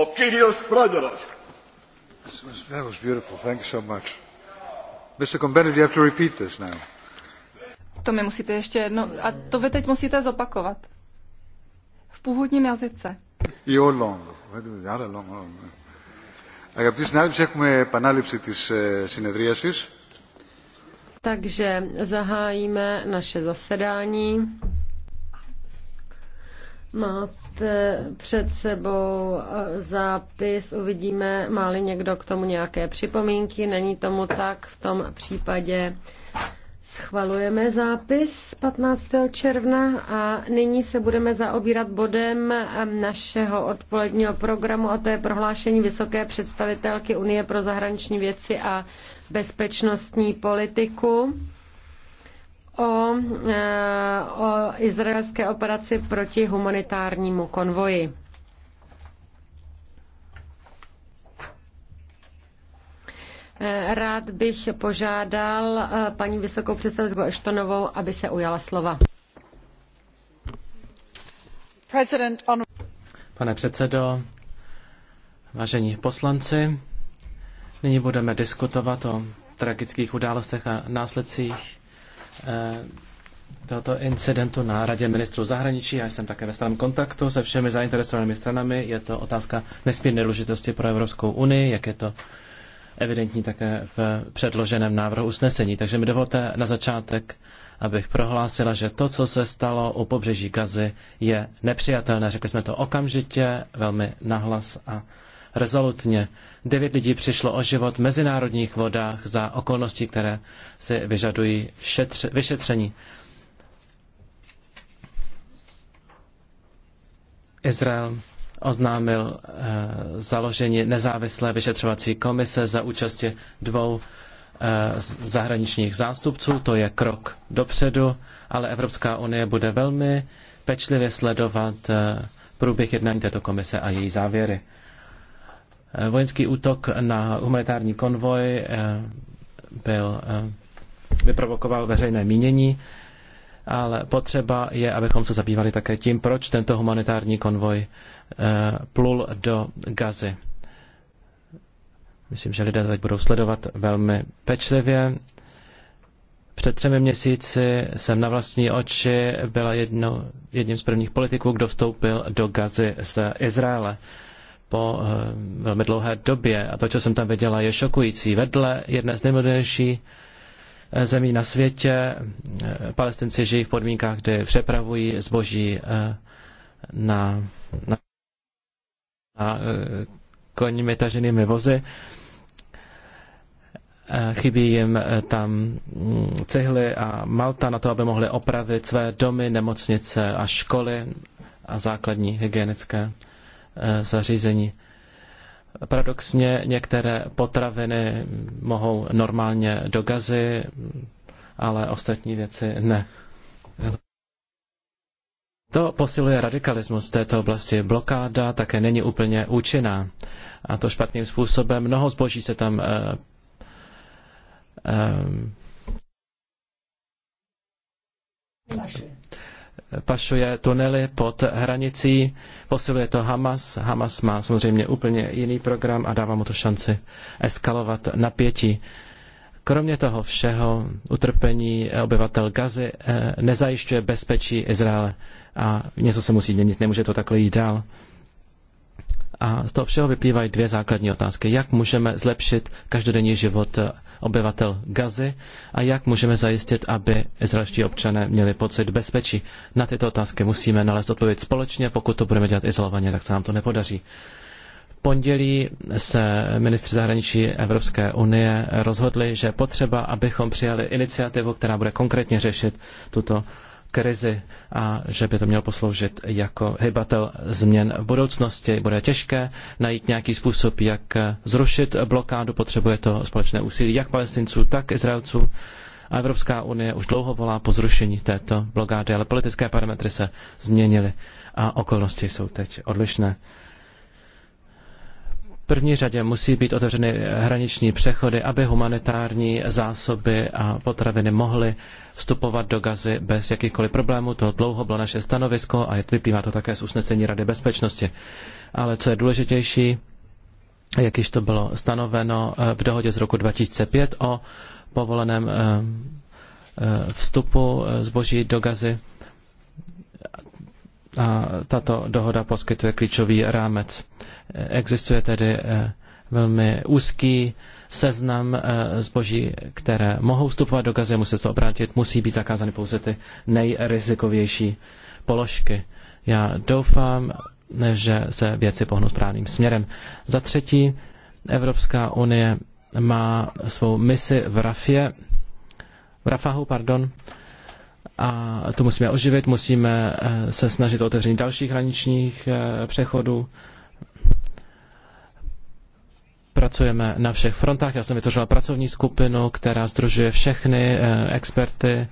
ο κύριος Πρόεδρος. That was beautiful. Thank you so much. Mr. Combendit, you have to repeat this now. To mi musíte ještě jedno, a to vy teď musíte zopakovat. V původním jazyce. Io longo. Άρα longo. Αγαπητοί συνάδελφοι, έχουμε επανάληψη της συνεδρίασης. Takže zahájíme naše zasedání. Máte před sebou eh, zápis, uvidíme, máli někdo k tomu nějaké připomínky, není tomu tak, v tom případě schvalujeme zápis z 15. června a nyní se budeme zaobírat bodem eh, našeho odpoledního programu a to je prohlášení vysoké představitelky Unie pro zahraniční věci a bezpečnostní politiku o, e, o izraelské operaci proti humanitárnímu konvoji. E, rád bych požádal e, paní vysokou představitelku Eštonovou, aby se ujala slova. Pane předsedo, vážení poslanci, nyní budeme diskutovat o tragických událostech a následcích Eh, tohoto incidentu na Radě ministrů zahraničí. Já jsem také ve stálém kontaktu se všemi zainteresovanými stranami. Je to otázka nesmírné důležitosti pro Evropskou unii, jak je to evidentní také v předloženém návrhu usnesení. Takže mi dovolte na začátek, abych prohlásila, že to, co se stalo u pobřeží Gazy, je nepřijatelné. Řekli jsme to okamžitě, velmi nahlas a rezolutně. Devět lidí přišlo o život v mezinárodních vodách za okolnosti, které si vyžadují šetře, vyšetření. Izrael oznámil e, založení nezávislé vyšetřovací komise za účastě dvou e, zahraničních zástupců. To je krok dopředu, ale Evropská unie bude velmi pečlivě sledovat e, průběh jednání této komise a její závěry. Eh, vojenský útok na humanitární konvoj eh, byl, eh, vyprovokoval veřejné mínění, ale potřeba je, abychom se zabývali také tím, proč tento humanitární konvoj plul do Gazy. Myslím, že lidé teď budou sledovat velmi pečlivě. Před třemi měsíci jsem na vlastní oči byla jedno, jedním z prvních politiků, kdo vstoupil do Gazy z Izraele po eh, velmi dlouhé době. A to, co jsem tam viděla, je šokující. Vedle jedné z nejmodernější eh, zemí na světě eh, palestinci žijí v podmínkách, kdy přepravují zboží na, na, na koními taženými vozy. Chybí jim tam mm, cihly a malta na to, aby mohli opravit své domy, nemocnice a školy a základní hygienické Eh, zařízení. Paradoxně některé potraviny mohou normálně do gazy, ale ostatní věci ne. To posiluje radikalismus v této oblasti. Blokáda také není úplně účinná. A to špatným způsobem. Mnoho zboží se tam eh, eh, pašuje tunely pod hranicí, posiluje to Hamas. Hamas má samozřejmě úplně jiný program a dává mu to šanci eskalovat napětí. Kromě toho všeho utrpení obyvatel Gazy eh, nezajišťuje bezpečí Izraele a něco se musí měnit, nemůže to takhle jít dál. A z toho všeho vyplývají dvě základní otázky. Jak můžeme zlepšit každodenní život obyvatel Gazy a jak můžeme zajistit, aby izraelští občané měli pocit bezpečí. Na tyto otázky musíme nalézt odpověď společně, pokud to budeme dělat izolovaně, tak se nám to nepodaří pondělí se ministři zahraničí Evropské unie rozhodli, že potřeba, abychom přijali iniciativu, která bude konkrétně řešit tuto krizi a že by to měl posloužit jako hybatel změn v budoucnosti. Bude těžké najít nějaký způsob, jak zrušit blokádu, potřebuje to společné úsilí jak palestinců, tak Izraelců. A Evropská unie už dlouho volá po zrušení této blokády, ale politické parametry se změnily a okolnosti jsou teď odlišné první řadě musí být otevřeny hraniční přechody, aby humanitární zásoby a potraviny mohly vstupovat do gazy bez jakýchkoliv problémů. To dlouho bylo naše stanovisko a vyplývá to také z usnesení Rady bezpečnosti. Ale co je důležitější, jak již to bylo stanoveno eh, v dohodě z roku 2005 o povoleném eh, eh, vstupu zboží do gazy, a tato dohoda poskytuje klíčový rámec Existuje tedy eh, velmi úzký seznam eh, zboží, které mohou vstupovat do Gazy, musí se to obrátit, musí být zakázány pouze ty nejrizikovější položky. Já doufám, že se věci pohnou správným směrem. Za třetí, Evropská unie má svou misi v Rafě, v Rafahu, pardon, a to musíme oživit, musíme eh, se snažit o otevření dalších hraničních přechodů, pracujeme na všech frontách. Já jsem vytvořila pracovní skupinu, která združuje všechny eh, experty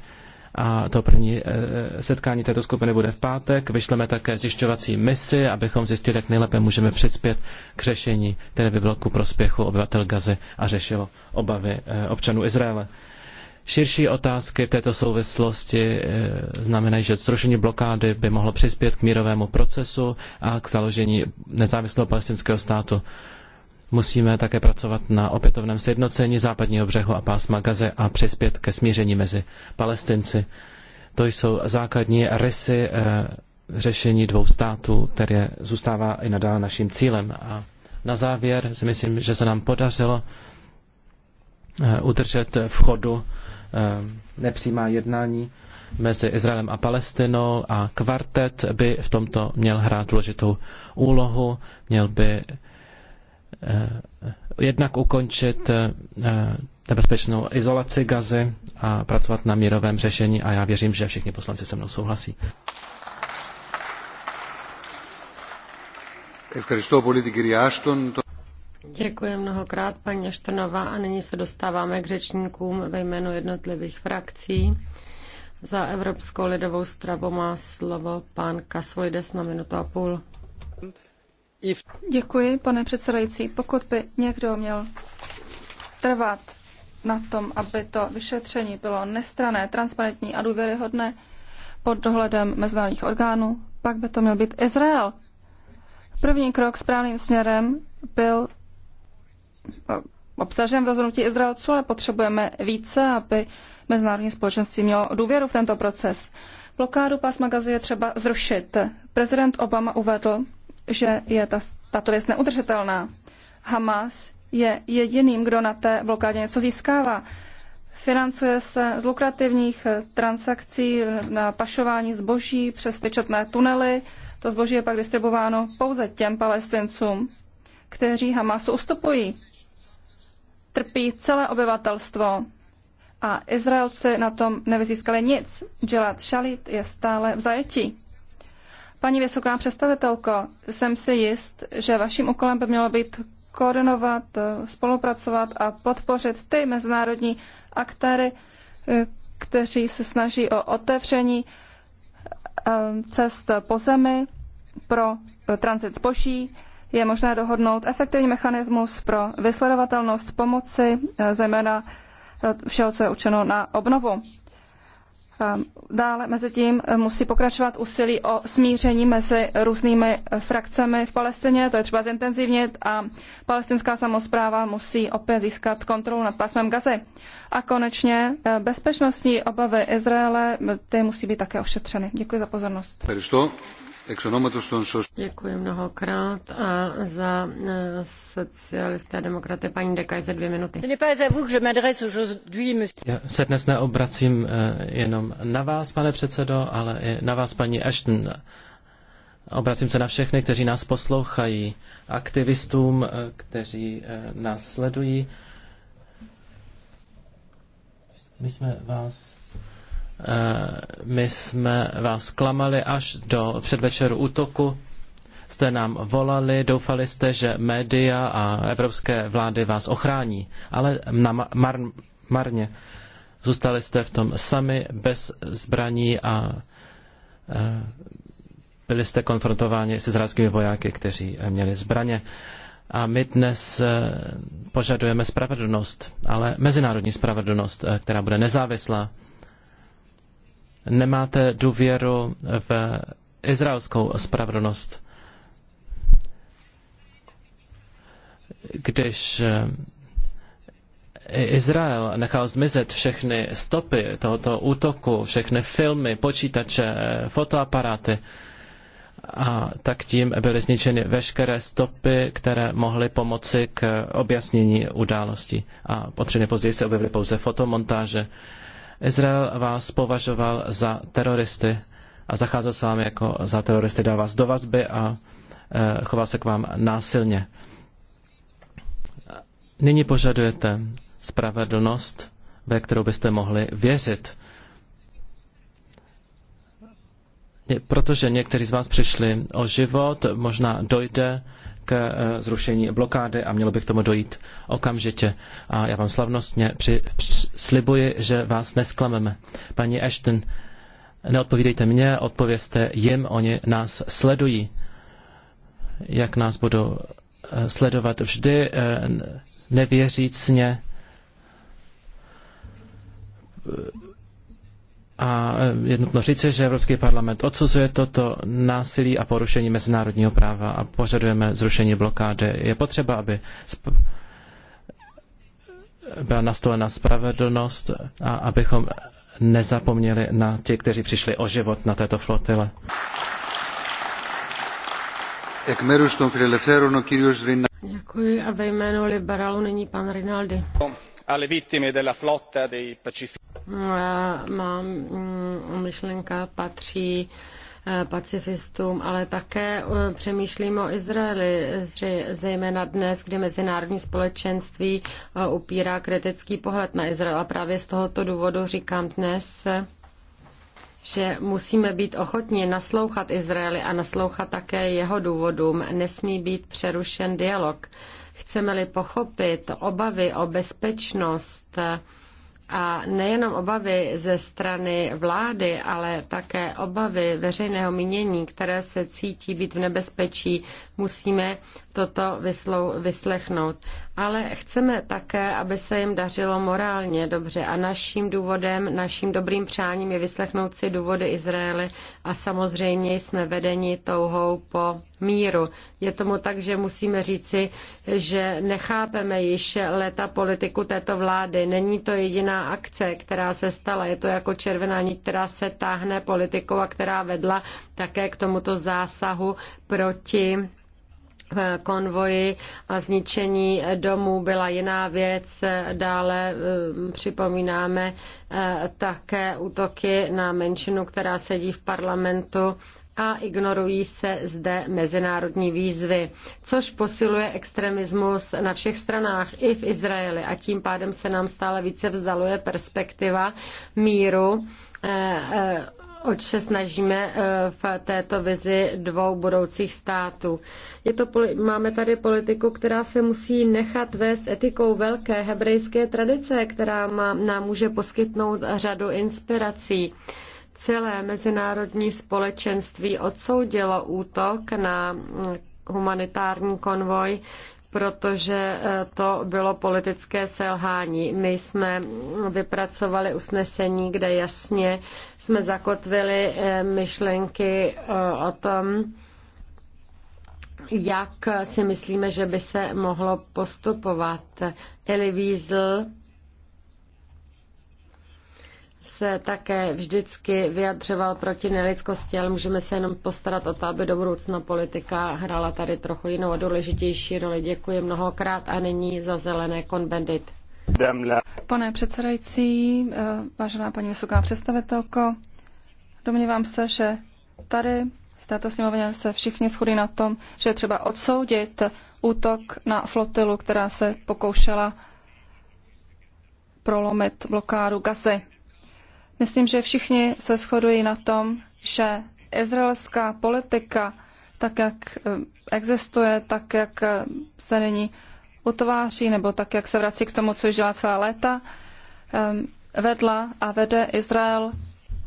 a to první eh, setkání této skupiny bude v pátek. Vyšleme také zjišťovací misi, abychom zjistili, jak nejlépe můžeme přispět k řešení, které by bylo ku prospěchu obyvatel Gazy a řešilo obavy eh, občanů Izraele. Širší otázky v této souvislosti znamenají, že zrušení blokády by mohlo přispět k mírovému procesu a k založení nezávislého palestinského státu. Musíme také pracovat na opětovném sjednocení západního břehu a pásma Gaze a přispět ke smíření mezi Palestinci. To jsou základní rysy eh, řešení dvou států, které zůstává i nadále naším cílem. A na závěr si myslím, že se nám podařilo eh, udržet v chodu eh, nepřímá jednání mezi Izraelem a Palestinou a kvartet by v tomto měl hrát důležitou úlohu, měl by Eh, jednak ukončit eh, eh, nebezpečnou izolaci gazy a pracovat na mírovém řešení a já věřím, že všichni poslanci se mnou souhlasí. Děkuji mnohokrát, paní Štrnová, a nyní se dostáváme k řečníkům ve jménu jednotlivých frakcí. Za Evropskou lidovou stravu má slovo pan Kasvojdes na minutu a půl. Děkuji, pane předsedající. Pokud by někdo měl trvat na tom, aby to vyšetření bylo nestrané, transparentní a důvěryhodné pod dohledem mezinárodních orgánů, pak by to měl být Izrael. První krok správným směrem byl eh, obsažen v rozhodnutí Izraelců, ale potřebujeme více, aby mezinárodní společenství mělo důvěru v tento proces. Blokádu pásma Gazy je třeba zrušit. Prezident Obama uvedl, že je ta, tato věc neudržitelná. Hamas je jediným, kdo na té blokádě něco získává. Financuje se z lukrativních eh, transakcí na pašování zboží přes tyčetné tunely. To zboží je pak distribuováno pouze těm palestincům, kteří Hamasu ustupují. Trpí celé obyvatelstvo a Izraelci na tom nevyzískali nic. Gilad Shalit je stále v zajetí. Paní vysoká představitelko, jsem si jist, že vaším úkolem by mělo být koordinovat, spolupracovat a podpořit ty mezinárodní aktéry, kteří se snaží o otevření ehm, cest po zemi pro eh, transit zboží. Je možné dohodnout efektivní mechanismus pro vysledovatelnost pomoci, eh, zejména eh, všeho, co je učeno na obnovu. Ehm, dále mezi tím eh, musí pokračovat úsilí o smíření mezi různými eh, frakcemi v Palestině, to je třeba zintenzivnit a palestinská samozpráva musí opět získat kontrolu nad pásmem Gazy. A konečně eh, bezpečnostní obavy Izraele, ty musí být také ošetřeny. Děkuji za pozornost. Děkuji mnohokrát a za eh, socialisté a demokraty paní Dekajze dvě minuty. Já se dnes neobracím eh, jenom na vás, pane předsedo, ale i na vás, paní Ashton. Obracím se na všechny, kteří nás poslouchají, aktivistům, eh, kteří nás sledují. My jsme vás Eh, my jsme vás klamali až do předvečeru útoku. Jste nám volali, doufali jste, že média a evropské vlády vás ochrání, ale na mar, marně. Zůstali jste v tom sami, bez zbraní a eh, byli jste konfrontováni s izraelskými vojáky, kteří měli zbraně. A my dnes eh, požadujeme spravedlnost, ale mezinárodní spravedlnost, která bude nezávislá nemáte důvěru v izraelskou spravedlnost. Když eh, Izrael nechal zmizet všechny stopy tohoto útoku, všechny filmy, počítače, fotoaparáty, a tak tím byly zničeny veškeré stopy, které mohly pomoci k objasnění událostí. A potřebně později se objevily pouze fotomontáže, Izrael vás považoval za teroristy a zacházel s vámi jako za teroristy, dal vás do vazby a eh, choval se k vám násilně. Nyní požadujete spravedlnost, ve kterou byste mohli věřit. Protože někteří z vás přišli o život, možná dojde k eh, zrušení blokády a mělo by k tomu dojít okamžitě. A já vám slavnostně při, při, slibuji, že vás nesklameme. Paní Ashton, neodpovídejte mě, odpovězte jim, oni nás sledují. Jak nás budou eh, sledovat vždy eh, nevěřícně a e, je nutno říci, že Evropský parlament odsuzuje toto násilí a porušení mezinárodního práva a požadujeme zrušení blokády. Je potřeba, aby byla nastolena spravedlnost a abychom nezapomněli na ty, kteří přišli o život na této flotile. Děkuji a ve jménu liberálu nyní pan Rinaldi má mm, myšlenka patří eh, pacifistům, ale také eh, přemýšlím o Izraeli, zejména dnes, kdy mezinárodní společenství eh, upírá kritický pohled na Izrael. A právě z tohoto důvodu říkám dnes, že musíme být ochotni naslouchat Izraeli a naslouchat také jeho důvodům. Nesmí být přerušen dialog. Chceme-li pochopit obavy o bezpečnost, a nejenom obavy ze strany vlády, ale také obavy veřejného mínění, které se cítí být v nebezpečí, musíme toto vyslou, vyslechnout. Ale chceme také, aby se jim dařilo morálně dobře a naším důvodem, naším dobrým přáním je vyslechnout si důvody Izraele a samozřejmě jsme vedeni touhou po míru. Je tomu tak, že musíme říci, že nechápeme již leta politiku této vlády. Není to jediná akce, která se stala. Je to jako červená nit, která se táhne politikou a která vedla také k tomuto zásahu proti konvoji a zničení domů byla jiná věc. Dále mm, připomínáme eh, také útoky na menšinu, která sedí v parlamentu a ignorují se zde mezinárodní výzvy, což posiluje extremismus na všech stranách i v Izraeli a tím pádem se nám stále více vzdaluje perspektiva míru eh, eh, oč se snažíme eh, v této vizi dvou budoucích států. Je to, máme tady politiku, která se musí nechat vést etikou velké hebrejské tradice, která má, nám může poskytnout řadu inspirací. Celé mezinárodní společenství odsoudilo útok na hm, humanitární konvoj, protože eh, to bylo politické selhání. My jsme vypracovali usnesení, kde jasně jsme zakotvili eh, myšlenky eh, o tom, jak si myslíme, že by se mohlo postupovat. Elie Wiesel se také vždycky vyjadřoval proti nelidskosti, ale můžeme se jenom postarat o to, aby do budoucna politika hrála tady trochu jinou a důležitější roli. Děkuji mnohokrát a nyní za zelené konbendit. Pane předsedající, eh, vážená paní vysoká představitelko, domnívám se, že tady v této sněmovně se všichni shodí na tom, že je třeba odsoudit útok na flotilu, která se pokoušela prolomit blokádu Gazy. Myslím, že všichni se shodují na tom, že izraelská politika, tak jak eh, existuje, tak jak eh, se nyní utváří, nebo tak jak se vrací k tomu, co již dělá celá léta, ehm, vedla a vede Izrael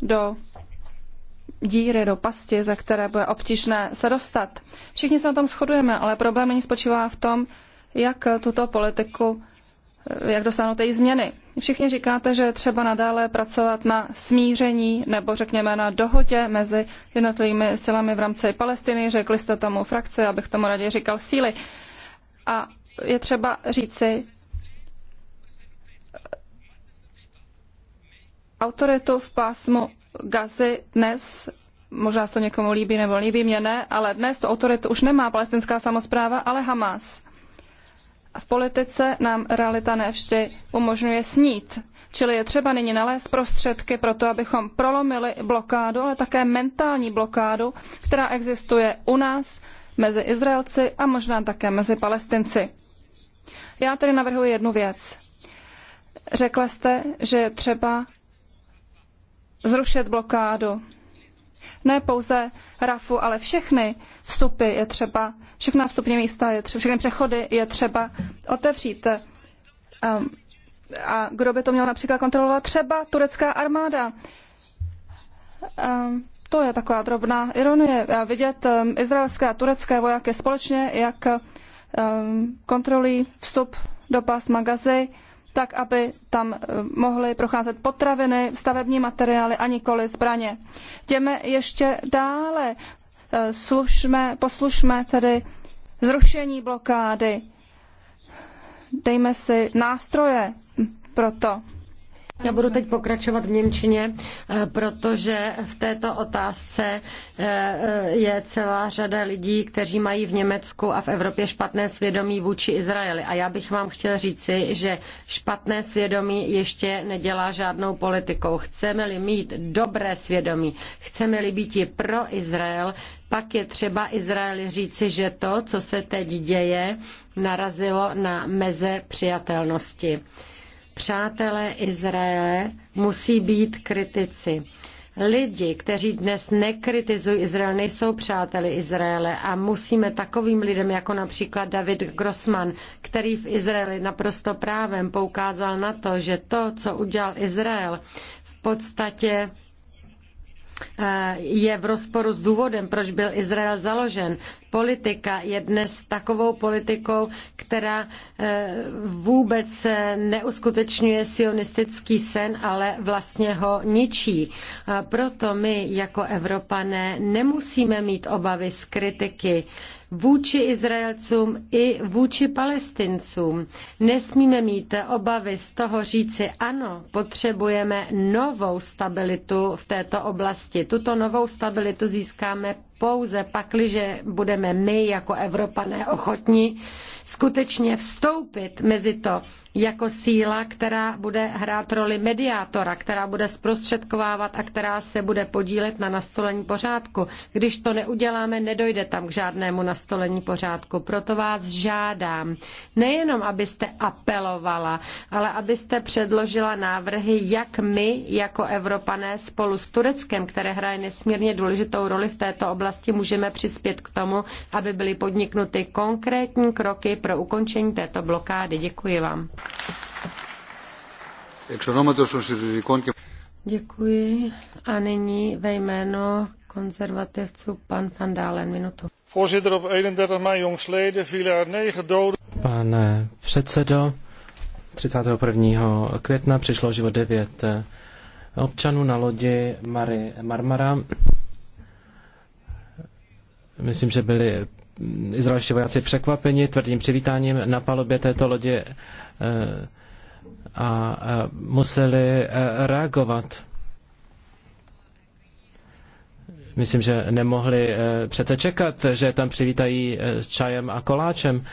do díry, do pasti, ze které bude obtížné se dostat. Všichni se na tom shodujeme, ale problém nyní spočívá v tom, jak eh, tuto politiku Eh, jak dosáhnout její změny. Všichni říkáte, že třeba nadále pracovat na smíření nebo řekněme na dohodě mezi jednotlivými silami v rámci Palestiny. Řekli jste tomu frakce, abych tomu raději říkal síly. A je třeba říci, eh, autoritu v pásmu Gazy dnes možná se to někomu líbí nebo líbí mě ne, ale dnes tu autoritu už nemá palestinská samozpráva, ale Hamas v politice nám realita nevždy umožňuje snít. Čili je třeba nyní nalézt prostředky pro to, abychom prolomili blokádu, ale také mentální blokádu, která existuje u nás, mezi Izraelci a možná také mezi Palestinci. Já tedy navrhuji jednu věc. Řekla jste, že je třeba zrušit blokádu. Ne pouze RAFu, ale všechny vstupy je třeba, všechna vstupní místa, je třeba, všechny přechody je třeba otevřít. Ehm, a kdo by to měl například kontrolovat? Třeba turecká armáda. Ehm, to je taková drobná ironie. vidět ehm, izraelské a turecké vojáky společně, jak kontrolují vstup do pásma Gazy, tak aby tam eh, mohly procházet potraviny, stavební materiály a nikoli zbraně. Jdeme ještě dále. Eh, slušme, poslušme tedy zrušení blokády. Dejme si nástroje pro to. Já budu teď pokračovat v Němčině, eh, protože v této otázce eh, je celá řada lidí, kteří mají v Německu a v Evropě špatné svědomí vůči Izraeli. A já bych vám chtěl říci, že špatné svědomí ještě nedělá žádnou politikou. Chceme-li mít dobré svědomí, chceme-li být i pro Izrael, pak je třeba Izraeli říci, že to, co se teď děje, narazilo na meze přijatelnosti. Přátelé Izraele musí být kritici. Lidi, kteří dnes nekritizují Izrael, nejsou přáteli Izraele a musíme takovým lidem, jako například David Grossman, který v Izraeli naprosto právem poukázal na to, že to, co udělal Izrael, v podstatě Eh, je v rozporu s důvodem, proč byl Izrael založen. Politika je dnes takovou politikou, která eh, vůbec neuskutečňuje sionistický sen, ale vlastně ho ničí. Proto my jako Evropané nemusíme mít obavy z kritiky vůči Izraelcům i vůči Palestincům. Nesmíme mít obavy z toho říci ano, potřebujeme novou stabilitu v této oblasti. Tuto novou stabilitu získáme pouze pakliže budeme my jako Evropané ochotní skutečně vstoupit mezi to jako síla, která bude hrát roli mediátora, která bude zprostředkovávat a která se bude podílet na nastolení pořádku. Když to neuděláme, nedojde tam k žádnému nastolení pořádku. Proto vás žádám, nejenom abyste apelovala, ale abyste předložila návrhy, jak my jako Evropané spolu s Tureckem, které hraje nesmírně důležitou roli v této oblasti, můžeme přispět k tomu, aby byly podniknuty konkrétní kroky pro ukončení této blokády. Děkuji vám. Děkuji. A nyní ve konzervativců pan Van Dalen, minutu. 31 er Pane předsedo, 31. května přišlo život 9 eh, občanů na lodi Mary Marmara. Myslím, že byli izraelští vojáci překvapeni tvrdým přivítáním na palubě této lodě eh, a eh, museli eh, reagovat. Myslím, že nemohli přece čekat, že tam přivítají s čajem a koláčem.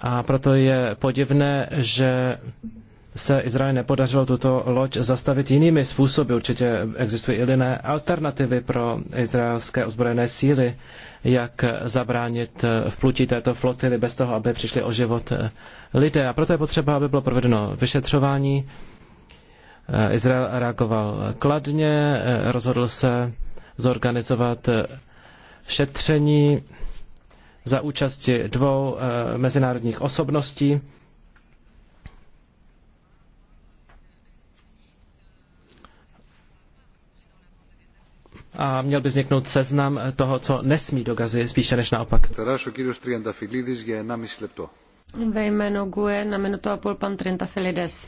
A proto je podivné, že se Izraeli nepodařilo tuto loď zastavit jinými způsoby. Určitě existují i jiné alternativy pro izraelské ozbrojené síly, jak zabránit vplutí této flotily bez toho, aby přišli o život lidé. A proto je potřeba, aby bylo provedeno vyšetřování. Izrael reagoval kladně, rozhodl se zorganizovat šetření za účasti dvou eh, mezinárodních osobností a měl by vzniknout seznam toho, co nesmí do Gazy, spíše než naopak. Ve jménu GUE na minutu a půl pan Trintafilides.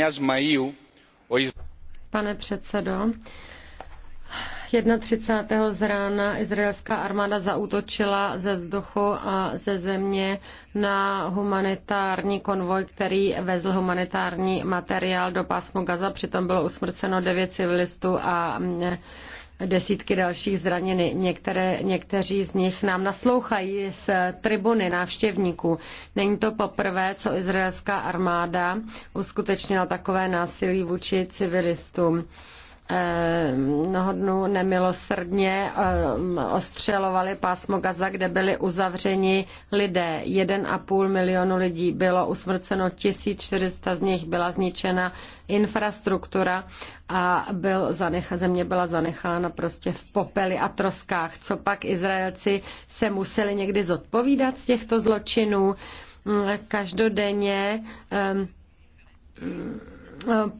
Pane předsedo, 31. z rána izraelská armáda zaútočila ze vzduchu a ze země na humanitární konvoj, který vezl humanitární materiál do pásmu Gaza. Přitom bylo usmrceno devět civilistů a desítky dalších zraněny. Některé, někteří z nich nám naslouchají z tribuny návštěvníků. Není to poprvé, co izraelská armáda uskutečnila takové násilí vůči civilistům mnoho dnů nemilosrdně um, ostřelovali pásmo Gaza, kde byli uzavřeni lidé. 1,5 milionu lidí bylo usmrceno, 1400 z nich byla zničena infrastruktura a byl zanecha, země byla zanechána prostě v popeli a troskách. Co pak Izraelci se museli někdy zodpovídat z těchto zločinů? Mm, každodenně um,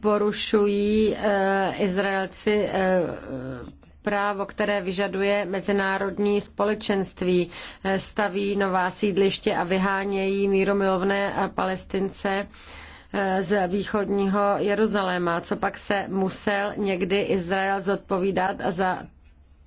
porušují eh, Izraelci eh, právo, které vyžaduje mezinárodní společenství, eh, staví nová sídliště a vyhánějí míromilovné palestince z východního Jeruzaléma, co pak se musel někdy Izrael zodpovídat za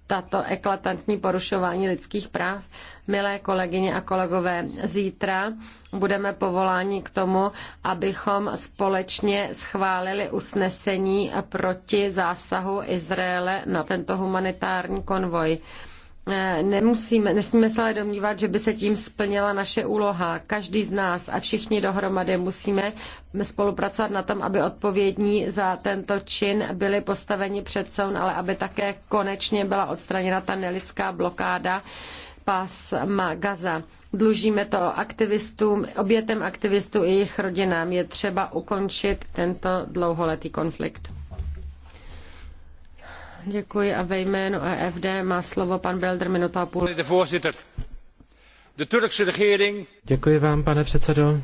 tato eklatantní porušování lidských práv. Milé kolegyně a kolegové, zítra budeme povoláni k tomu, abychom společně schválili usnesení proti zásahu Izraele na tento humanitární konvoj. Eh, nemusíme, nesmíme se ale domnívat, že by se tím splnila naše úloha. Každý z nás a všichni dohromady musíme spolupracovat na tom, aby odpovědní za tento čin byli postaveni před soun, ale aby také konečně byla odstraněna ta nelidská blokáda pásma Gaza. Dlužíme to aktivistům, obětem aktivistů i jejich rodinám. Je třeba ukončit tento dlouholetý konflikt. Děkuji a ve jménu EFD má slovo pan Belder minuta a půl. Děkuji vám, pane předsedo.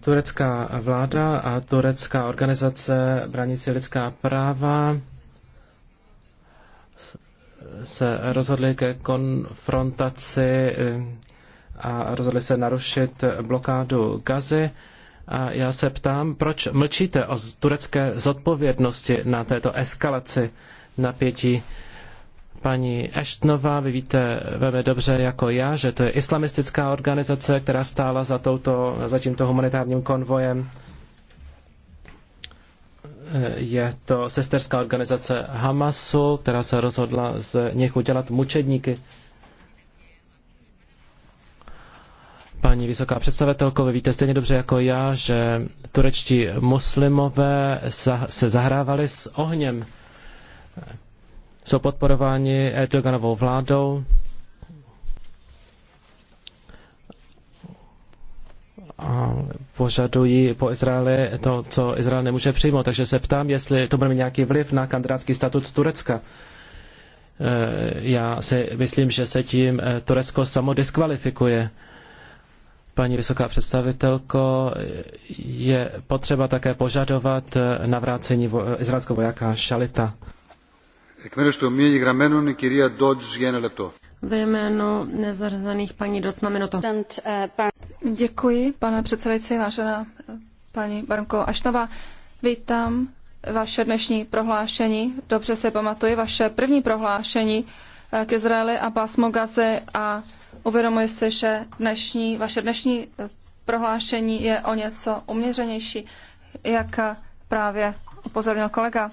Turecká vláda a turecká organizace branící lidská práva se rozhodly ke konfrontaci a rozhodli se narušit blokádu Gazy a já se ptám, proč mlčíte o turecké zodpovědnosti na této eskalaci napětí? Paní Eštnová, vy víte velmi dobře jako já, že to je islamistická organizace, která stála za, touto, za tímto humanitárním konvojem. Je to sesterská organizace Hamasu, která se rozhodla z nich udělat mučedníky. Paní vysoká představitelko, vy víte stejně dobře jako já, že turečtí muslimové se zahrávali s ohněm. Jsou podporováni Erdoganovou vládou. A požadují po Izraeli to, co Izrael nemůže přijmout. Takže se ptám, jestli to bude mít nějaký vliv na kandidátský statut Turecka. E, já si myslím, že se tím e, Turecko samo diskvalifikuje Paní vysoká představitelko, je potřeba také požadovat navrácení vo- izraelského vojáka Šalita. Ve jménu nezařazených paní Doc na minutu. Děkuji, pane předsedající, vážená paní Barnko Aštava. Vítám vaše dnešní prohlášení. Dobře se pamatuji vaše první prohlášení eh, k Izraeli a pásmo Gaze a Uvědomuji si, že dnešní, vaše dnešní eh, prohlášení je o něco uměřenější, jak eh, právě upozornil kolega.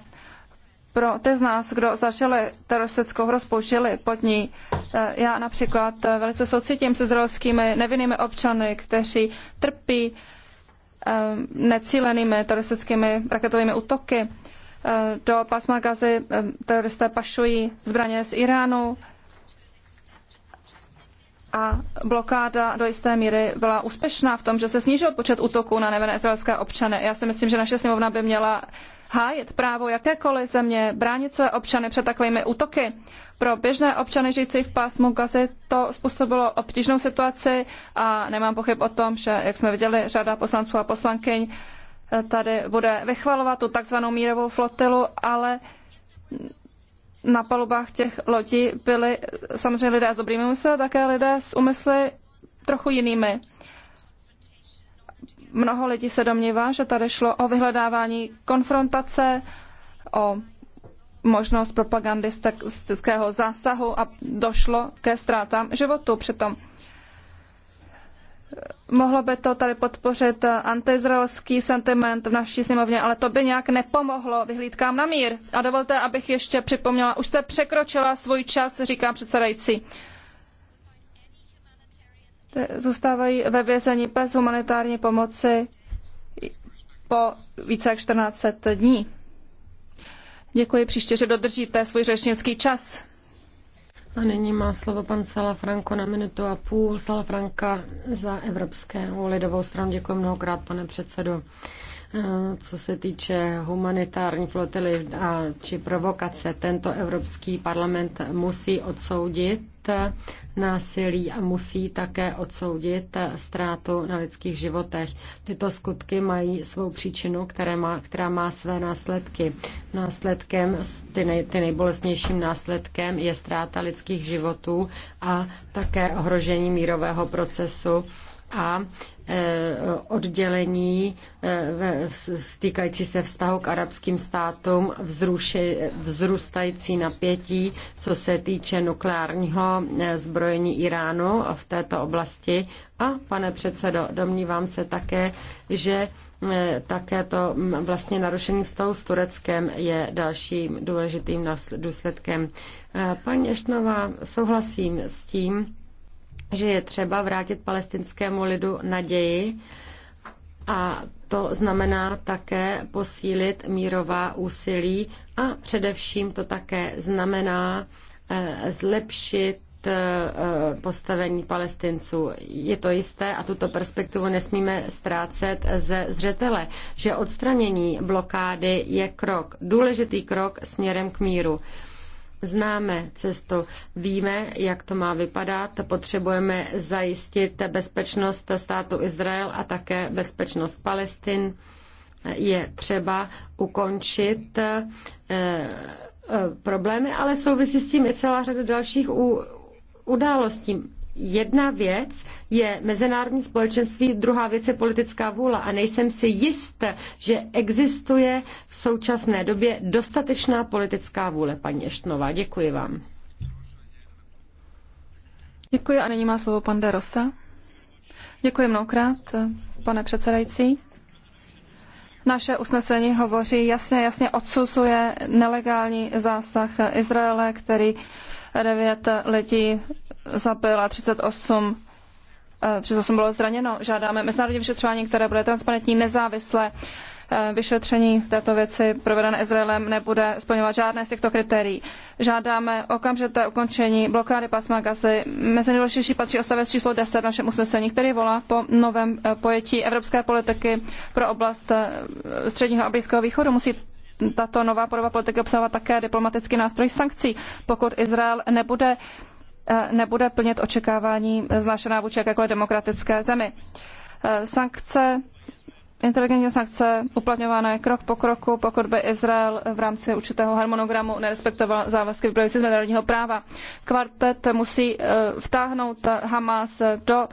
Pro ty z nás, kdo zažili teroristickou hrozbu, žili pod ní, eh, já například velice soucitím se izraelskými nevinnými občany, kteří trpí necílenými teroristickými raketovými útoky. Do pasma Gazy teroristé pašují zbraně z Iránu, a blokáda do jisté míry byla úspěšná v tom, že se snížil počet útoků na nevinné izraelské občany. Já si myslím, že naše sněmovna by měla hájit právo jakékoliv země, bránit své občany před takovými útoky. Pro běžné občany žijící v pásmu Gazy to způsobilo obtížnou situaci a nemám pochyb o tom, že, jak jsme viděli, řada poslanců a poslankyň eh, tady bude vychvalovat tu takzvanou mírovou flotilu, ale na palubách těch lodí byli samozřejmě lidé s dobrými úmysly, ale také lidé s úmysly trochu jinými. Mnoho lidí se domnívá, že tady šlo o vyhledávání konfrontace, o možnost propagandistického zásahu a došlo ke ztrátám životu přitom. Mohlo by to tady podpořit antiizraelský sentiment v naší sněmovně, ale to by nějak nepomohlo vyhlídkám na mír. A dovolte, abych ještě připomněla, už jste překročila svůj čas, říká předsedající. Zůstávají ve vězení bez humanitární pomoci po více jak 14 dní. Děkuji příště, že dodržíte svůj řečnický čas. A nyní má slovo pan Salafranco na minutu a půl. Salafranka za Evropskou lidovou stranu. Děkuji mnohokrát, pane předsedo. Eh, co se týče humanitární flotily a, či provokace, tento Evropský parlament musí odsoudit násilí a musí také odsoudit ztrátu na lidských životech. Tyto skutky mají svou příčinu, které má, která má své následky. Následkem, ty, nej, ty nejbolestnějším následkem je ztráta lidských životů a také ohrožení mírového procesu a e, oddělení e, stýkající se vztahu k arabským státům, vzrůstající napětí, co se týče nukleárního e, zbrojení Iránu v této oblasti. A, pane předsedo, domnívám se také, že také to vlastně narušení vztahu s Tureckem je dalším důležitým důsledkem. Paní Eštnová, souhlasím s tím, že je třeba vrátit palestinskému lidu naději a to znamená také posílit mírová úsilí a především to také znamená eh, zlepšit eh, eh, postavení palestinců. Je to jisté a tuto perspektivu nesmíme ztrácet ze zřetele, že odstranění blokády je krok, důležitý krok směrem k míru. Známe cestu, víme, jak to má vypadat, potřebujeme zajistit bezpečnost státu Izrael a také bezpečnost Palestin. Je třeba ukončit eh, eh, problémy, ale souvisí s tím i celá řada dalších událostí jedna věc je mezinárodní společenství, druhá věc je politická vůle a nejsem si jist, že existuje v současné době dostatečná politická vůle, paní Eštnová. Děkuji vám. Děkuji a nyní má slovo pan De Rosa. Děkuji mnohokrát, pane předsedající. Naše usnesení hovoří jasně, jasně odsuzuje nelegální zásah Izraele, který devět lidí zabil a 38 38 eh, bylo zraněno. Žádáme mezinárodní vyšetřování, které bude transparentní, nezávislé. Eh, vyšetření v této věci provedené Izraelem nebude splňovat žádné z těchto kritérií. Žádáme okamžité ukončení blokády pasma Gazy. Mezi nejdůležitější patří ostavec číslo 10 v našem usnesení, který volá po novém eh, pojetí evropské politiky pro oblast středního a blízkého východu. Musí tato nová podoba politiky obsahovat také diplomatický nástroj sankcí, pokud Izrael nebude E, nebude plnit očekávání e, znášená vůči jakékoliv demokratické zemi. E, sankce, inteligentní sankce uplatňované krok po kroku, pokud by Izrael v rámci určitého harmonogramu nerespektoval závazky vyplývající z mezinárodního práva. Kvartet musí vtáhnout Hamas do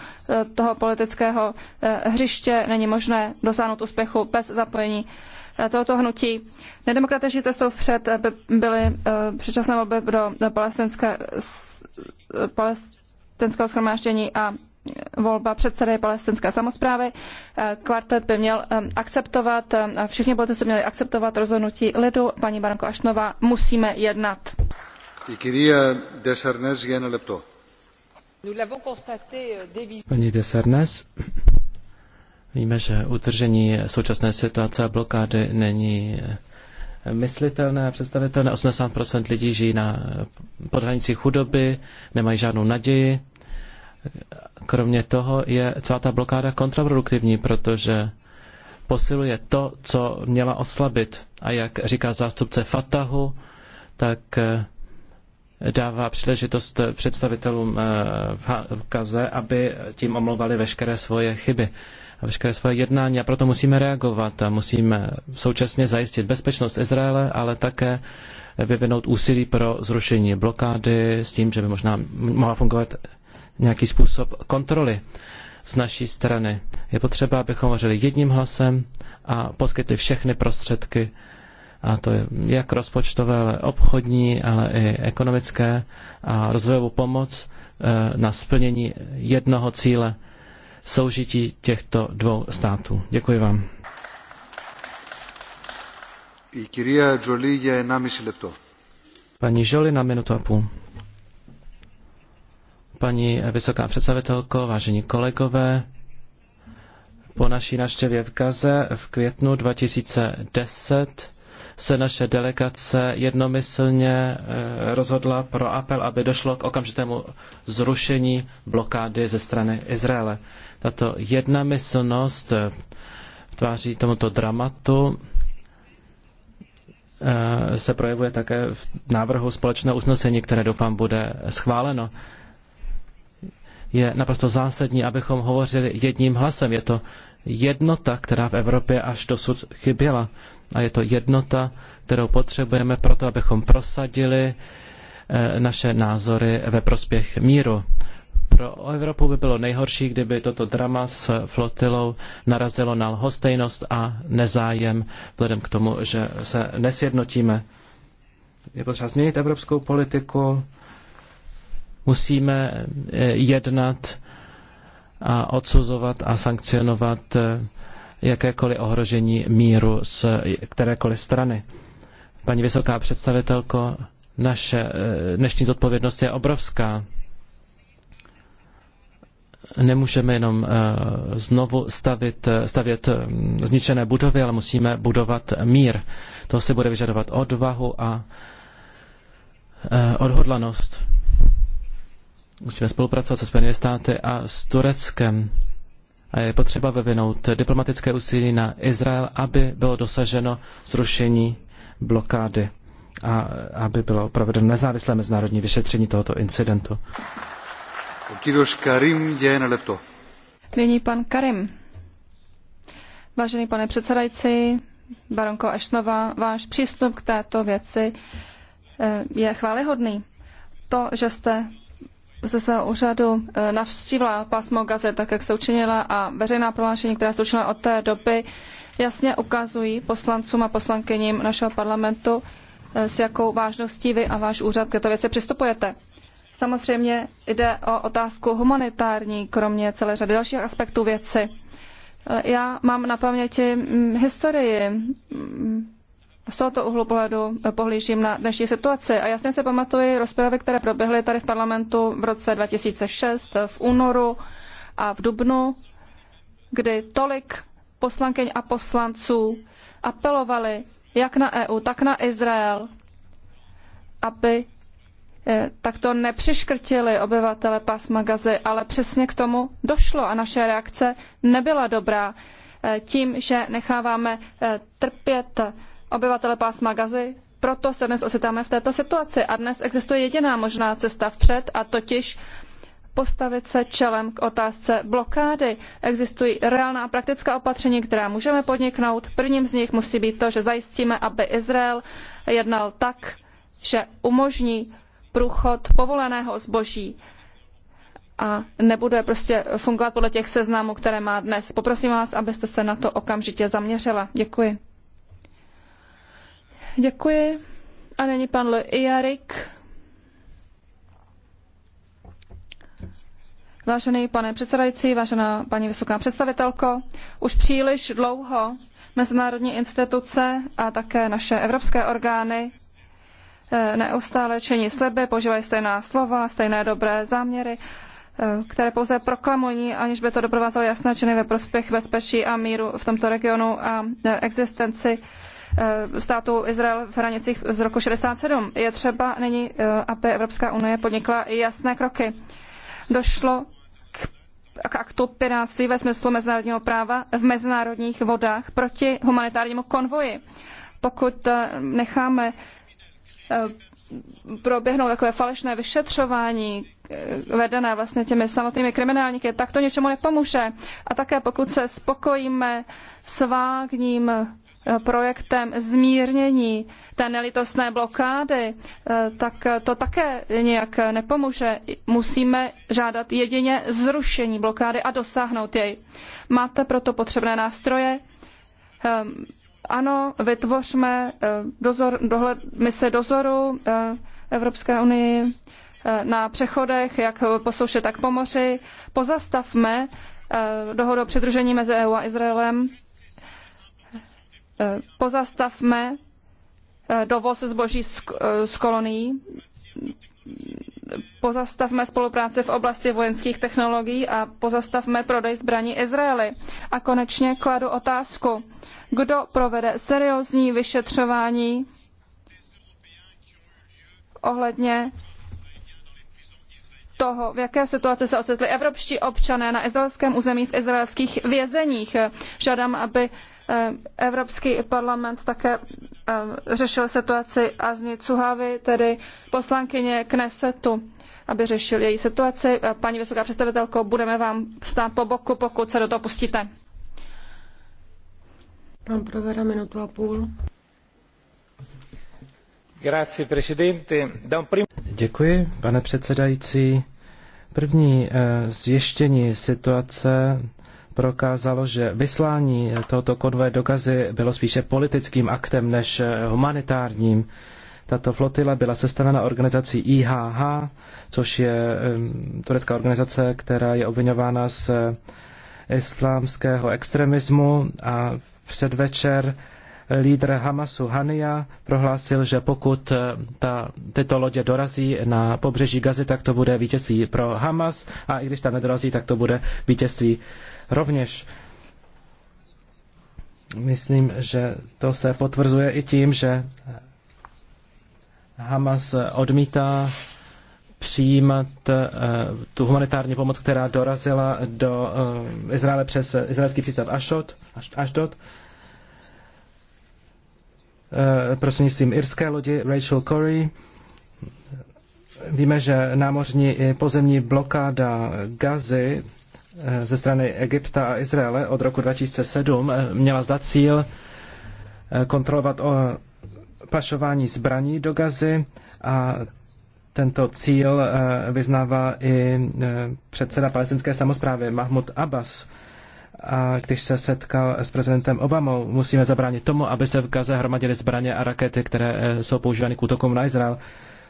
toho politického hřiště. Není možné dosáhnout úspěchu bez zapojení tohoto hnutí. Nedemokratiční cestou vpřed by byly předčasné volby do palestinské palestinského schromáždění a volba předsedy palestinské samozprávy. Kvartet by měl eh, akceptovat, eh, všichni se měli akceptovat rozhodnutí lidu. Paní Baranko Ašnova, musíme jednat. No euh, Paní Desarnes, víme, že utržení současné situace a blokády není eh, myslitelné a představitelné. 80% lidí žijí na, podhranici chudoby, nemají žádnou naději. Kromě toho je celá ta blokáda kontraproduktivní, protože posiluje to, co měla oslabit. A jak říká zástupce Fatahu, tak eh, dává příležitost představitelům eh, v Kaze, aby tím omlouvali veškeré svoje chyby a veškeré svoje jednání a proto musíme reagovat a musíme současně zajistit bezpečnost Izraele, ale také vyvinout úsilí pro zrušení blokády s tím, že by možná mohla fungovat nějaký způsob kontroly z naší strany. Je potřeba, abychom hovořili jedním hlasem a poskytli všechny prostředky, a to je jak rozpočtové, ale obchodní, ale i ekonomické a rozvojovou pomoc eh, na splnění jednoho cíle soužití těchto dvou států. Děkuji vám. Paní Žoli na minutu a půl. Paní vysoká představitelko, vážení kolegové, po naší návštěvě v Gaze v květnu 2010 se naše delegace jednomyslně eh, rozhodla pro apel, aby došlo k okamžitému zrušení blokády ze strany Izraele. Tato jednomyslnost eh, tváří tomuto dramatu eh, se projevuje také v návrhu společného usnesení, které doufám bude schváleno. Je naprosto zásadní, abychom hovořili jedním hlasem. Je to jednota, která v Evropě až dosud chyběla. A je to jednota, kterou potřebujeme proto, abychom prosadili eh, naše názory ve prospěch míru pro Evropu by bylo nejhorší, kdyby toto drama s flotilou narazilo na lhostejnost a nezájem, vzhledem k tomu, že se nesjednotíme. Je potřeba změnit evropskou politiku, musíme eh, jednat a odsuzovat a sankcionovat eh, jakékoliv ohrožení míru z eh, kterékoliv strany. Paní vysoká představitelko, naše dnešní zodpovědnost je obrovská nemůžeme jenom eh, znovu stavit, eh, stavět eh, zničené budovy, ale musíme budovat mír. To si bude vyžadovat odvahu a odhodlanost. Musíme spolupracovat se Spojenými státy a s Tureckem. A je potřeba vyvinout diplomatické úsilí na Izrael, aby bylo dosaženo zrušení blokády a aby bylo provedeno nezávislé mezinárodní vyšetření tohoto incidentu. Nyní pan Karim. Vážený pane předsedající, baronko Ešnova, váš přístup k této věci eh, je chválihodný. To, že jste ze svého úřadu eh, navštívila pásmo gazet, tak jak jste učinila, a veřejná prohlášení, která jste učinila od té doby, jasně ukazují poslancům a poslankyním našeho parlamentu, eh, s jakou vážností vy a váš úřad k této věci přistupujete. Samozřejmě jde o otázku humanitární, kromě celé řady dalších aspektů věci. Já mám na paměti mm, historii. Mm, z tohoto úhlu pohledu pohlížím na dnešní situaci a jasně se pamatuji rozpravy, které proběhly tady v parlamentu v roce 2006 v únoru a v dubnu, kdy tolik poslankyň a poslanců apelovali jak na EU, tak na Izrael, aby Eh, takto nepřiškrtili obyvatele pásma Gazy, ale přesně k tomu došlo a naše reakce nebyla dobrá eh, tím, že necháváme eh, trpět obyvatele pásma Gazy, proto se dnes ocitáme v této situaci. A dnes existuje jediná možná cesta vpřed, a totiž postavit se čelem k otázce blokády. Existují reálná a praktická opatření, která můžeme podniknout. Prvním z nich musí být to, že zajistíme, aby Izrael jednal tak, že umožní průchod povoleného zboží a nebude prostě fungovat podle těch seznamů, které má dnes. Poprosím vás, abyste se na to okamžitě zaměřila. Děkuji. Děkuji. A není pan Le Vážený pane předsedající, vážená paní vysoká představitelko, už příliš dlouho mezinárodní instituce a také naše evropské orgány Eh, neustále činí sliby, používají stejná slova, stejné dobré záměry, eh, které pouze proklamují, aniž by to doprovázelo jasné činy ve prospěch bezpečí a míru v tomto regionu a eh, existenci státu Izrael v hranicích z roku 67. Je třeba nyní, aby Evropská unie podnikla jasné kroky. Došlo k aktu piráctví ve smyslu mezinárodního práva v mezinárodních vodách proti humanitárnímu konvoji. Pokud necháme Eh, proběhnou takové falešné vyšetřování eh, vedené vlastně těmi samotnými kriminálníky, tak to něčemu nepomůže. A také pokud se spokojíme s vágním eh, projektem zmírnění té nelitostné blokády, tak to také nějak nepomůže. Musíme žádat jedině zrušení blokády a dosáhnout jej. Máte proto potřebné nástroje, ehm, ano, vytvořme eh, dozor, dohled, mise dozoru eh, Evropské unii eh, na přechodech, jak po souši, tak po moři. Pozastavme dohodu o přidružení mezi EU a Izraelem. Pozastavme dovoz zboží z kolonií pozastavme spolupráci v oblasti vojenských technologií a pozastavme prodej zbraní Izraeli. A konečně kladu otázku, kdo provede seriózní vyšetřování ohledně toho, v jaké situaci se ocitli evropští občané na izraelském území v izraelských vězeních. Žádám, aby Eh, Evropský parlament také eh, řešil situaci Azni Cuhavy, tedy poslankyně Knesetu, aby řešil její situaci. Eh, Paní vysoká představitelko, budeme vám stát po boku, pokud se do toho pustíte. Pan Provera, minutu a půl. Děkuji, pane předsedající. První zjištění situace prokázalo, že vyslání tohoto konvoje do Gazy bylo spíše politickým aktem než humanitárním. Tato flotila byla sestavena organizací IHH, což je turecká organizace, která je obvinována z islámského extremismu a předvečer lídr Hamasu Hania prohlásil, že pokud eh, ta, tyto lodě dorazí na pobřeží Gazy, tak to bude vítězství pro Hamas a i když tam nedorazí, tak to bude vítězství rovněž. Myslím, že to se potvrzuje i tím, že Hamas odmítá přijímat eh, tu humanitární pomoc, která dorazila do eh, Izraele přes izraelský přístav Ashdod, Ashdod eh, prostřednictvím irské lodi Rachel Corey. Víme, že námořní i pozemní blokáda Gazy Eh, ze strany Egypta a Izraele od roku 2007 eh, měla za cíl eh, kontrolovat o pašování zbraní do Gazy a tento cíl vyznává i předseda palestinské samozprávy Mahmud Abbas. A když se setkal s prezidentem Obamou, musíme zabránit tomu, aby se v Gaze hromadily zbraně a rakety, které jsou používány k útokům na Izrael.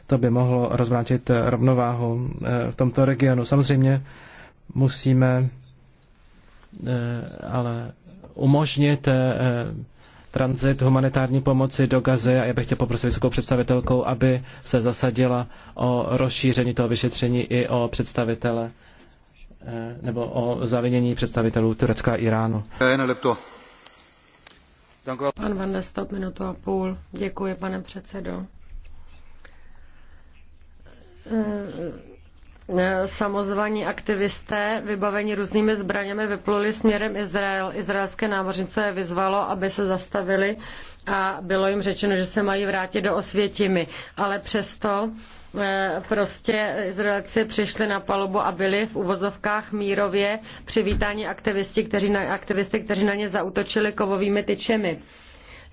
To by mohlo rozvrátit rovnováhu v tomto regionu. Samozřejmě Musíme eh, ale umožnit eh, tranzit humanitární pomoci do Gazy a já bych chtěl poprosit vysokou představitelkou, aby se zasadila o rozšíření toho vyšetření i o představitele eh, nebo o zavinění představitelů Turecka a Iránu. Pan Van der Stop, minutu a půl. Děkuji, pane předsedo. E Eh, samozvaní aktivisté vybavení různými zbraněmi vypluli směrem Izrael. Izraelské námořnice je vyzvalo, aby se zastavili a bylo jim řečeno, že se mají vrátit do Osvětimi. Ale přesto eh, prostě Izraelci přišli na palubu a byli v uvozovkách mírově přivítáni aktivisti, kteří na, aktivisty, kteří na ně zautočili kovovými tyčemi.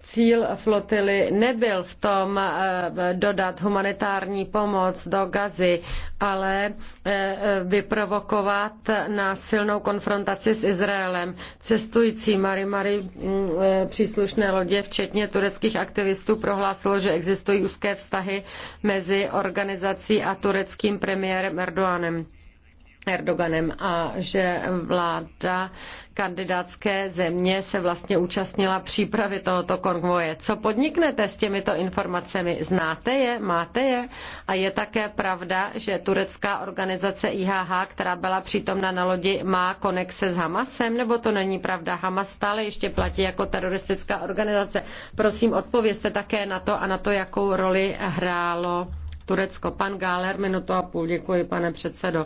Cíl flotily nebyl v tom eh, dodat humanitární pomoc do Gazy, ale eh, eh, vyprovokovat násilnou konfrontaci s Izraelem. Cestující Mary mm, příslušné lodě, včetně tureckých aktivistů, prohlásilo, že existují úzké vztahy mezi organizací a tureckým premiérem Erdoganem. Erdoganem a že vláda kandidátské země se vlastně účastnila přípravy tohoto konvoje. Co podniknete s těmito informacemi? Znáte je? Máte je? A je také pravda, že turecká organizace IHH, která byla přítomna na lodi, má konexe s Hamasem? Nebo to není pravda? Hamas stále ještě platí jako teroristická organizace. Prosím, odpovězte také na to a na to, jakou roli hrálo Turecko. Pan Gáler, minutu a půl. Děkuji, pane předsedo.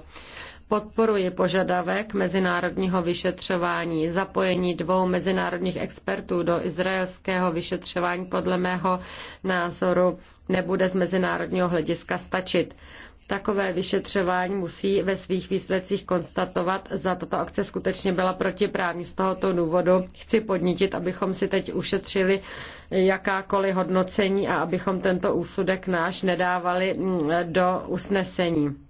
Podporuji požadavek mezinárodního vyšetřování, zapojení dvou mezinárodních expertů do izraelského vyšetřování podle mého názoru nebude z mezinárodního hlediska stačit. Takové vyšetřování musí ve svých výsledcích konstatovat, Za tato akce skutečně byla protiprávní. Z tohoto důvodu chci podnítit, abychom si teď ušetřili jakákoliv hodnocení a abychom tento úsudek náš nedávali mm, do usnesení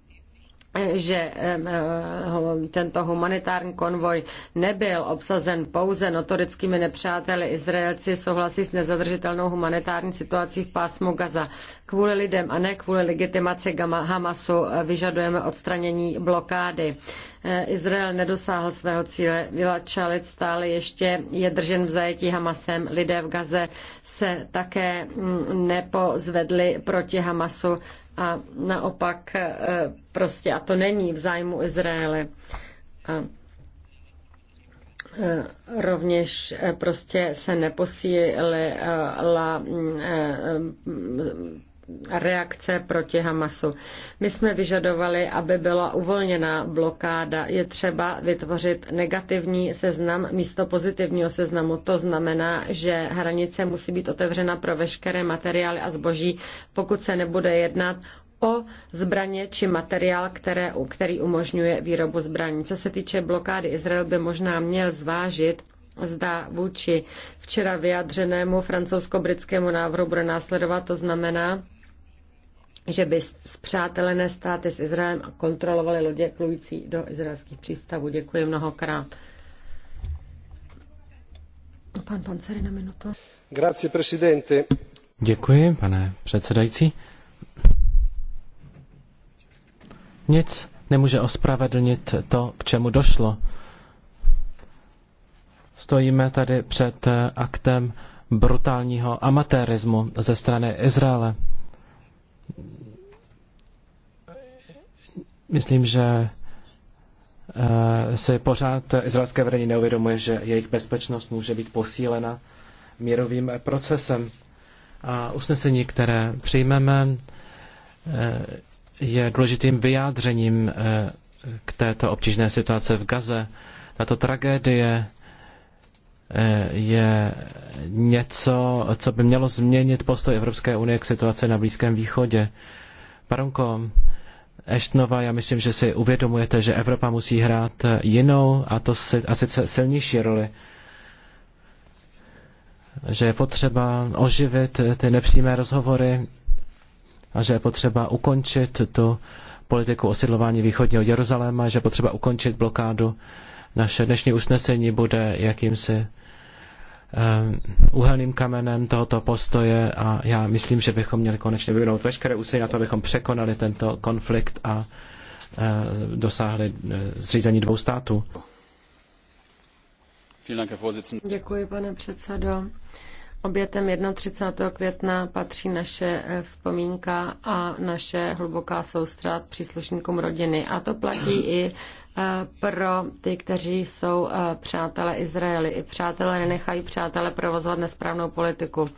že eh, tento humanitární konvoj nebyl obsazen pouze notorickými nepřáteli. Izraelci souhlasí s nezadržitelnou humanitární situací v pásmu Gaza. Kvůli lidem a ne kvůli legitimaci Hamasu vyžadujeme odstranění blokády. Eh, Izrael nedosáhl svého cíle. Vila Čalit stále ještě je držen v zajetí Hamasem. Lidé v Gaze se také mm, nepozvedli proti Hamasu a naopak e, prostě, a to není v zájmu Izraele. A e, rovněž e, prostě se neposílila reakce proti Hamasu. My jsme vyžadovali, aby byla uvolněna blokáda. Je třeba vytvořit negativní seznam místo pozitivního seznamu. To znamená, že hranice musí být otevřena pro veškeré materiály a zboží, pokud se nebude jednat o zbraně či materiál, které, který umožňuje výrobu zbraní. Co se týče blokády, Izrael by možná měl zvážit, zda vůči včera vyjadřenému francouzsko-britskému návrhu bude následovat, to znamená, že by zpřátelené státy s Izraelem a kontrolovali lodě plující do izraelských přístavů. Děkuji mnohokrát. Pan Panceri na minutu. Grazie, presidente. Děkuji, pane předsedající. Nic nemůže ospravedlnit to, k čemu došlo. Stojíme tady před aktem brutálního amatérismu ze strany Izraele. Myslím, že eh, se pořád izraelské vedení neuvědomuje, že jejich bezpečnost může být posílena mírovým procesem. A usnesení, které přijmeme, eh, je důležitým vyjádřením eh, k této obtížné situace v Gaze. Tato tragédie Eh, je něco, co by mělo změnit postoj Evropské unie k situaci na Blízkém východě. Baronko Eštnova, já myslím, že si uvědomujete, že Evropa musí hrát jinou a to si, a silnější roli. Že je potřeba oživit ty nepřímé rozhovory a že je potřeba ukončit tu politiku osidlování východního Jeruzaléma, že je potřeba ukončit blokádu naše dnešní usnesení bude jakýmsi úhelným ehm, kamenem tohoto postoje a já myslím, že bychom měli konečně vyvinout veškeré úsilí na to, abychom překonali tento konflikt a eh, dosáhli eh, zřízení dvou států. Děkuji, pane předsedo. Obětem 31. května patří naše eh, vzpomínka a naše hluboká soustrat příslušníkům rodiny. A to platí i eh, pro ty, kteří jsou eh, přátelé Izraeli. I přátelé nenechají přátelé provozovat nesprávnou politiku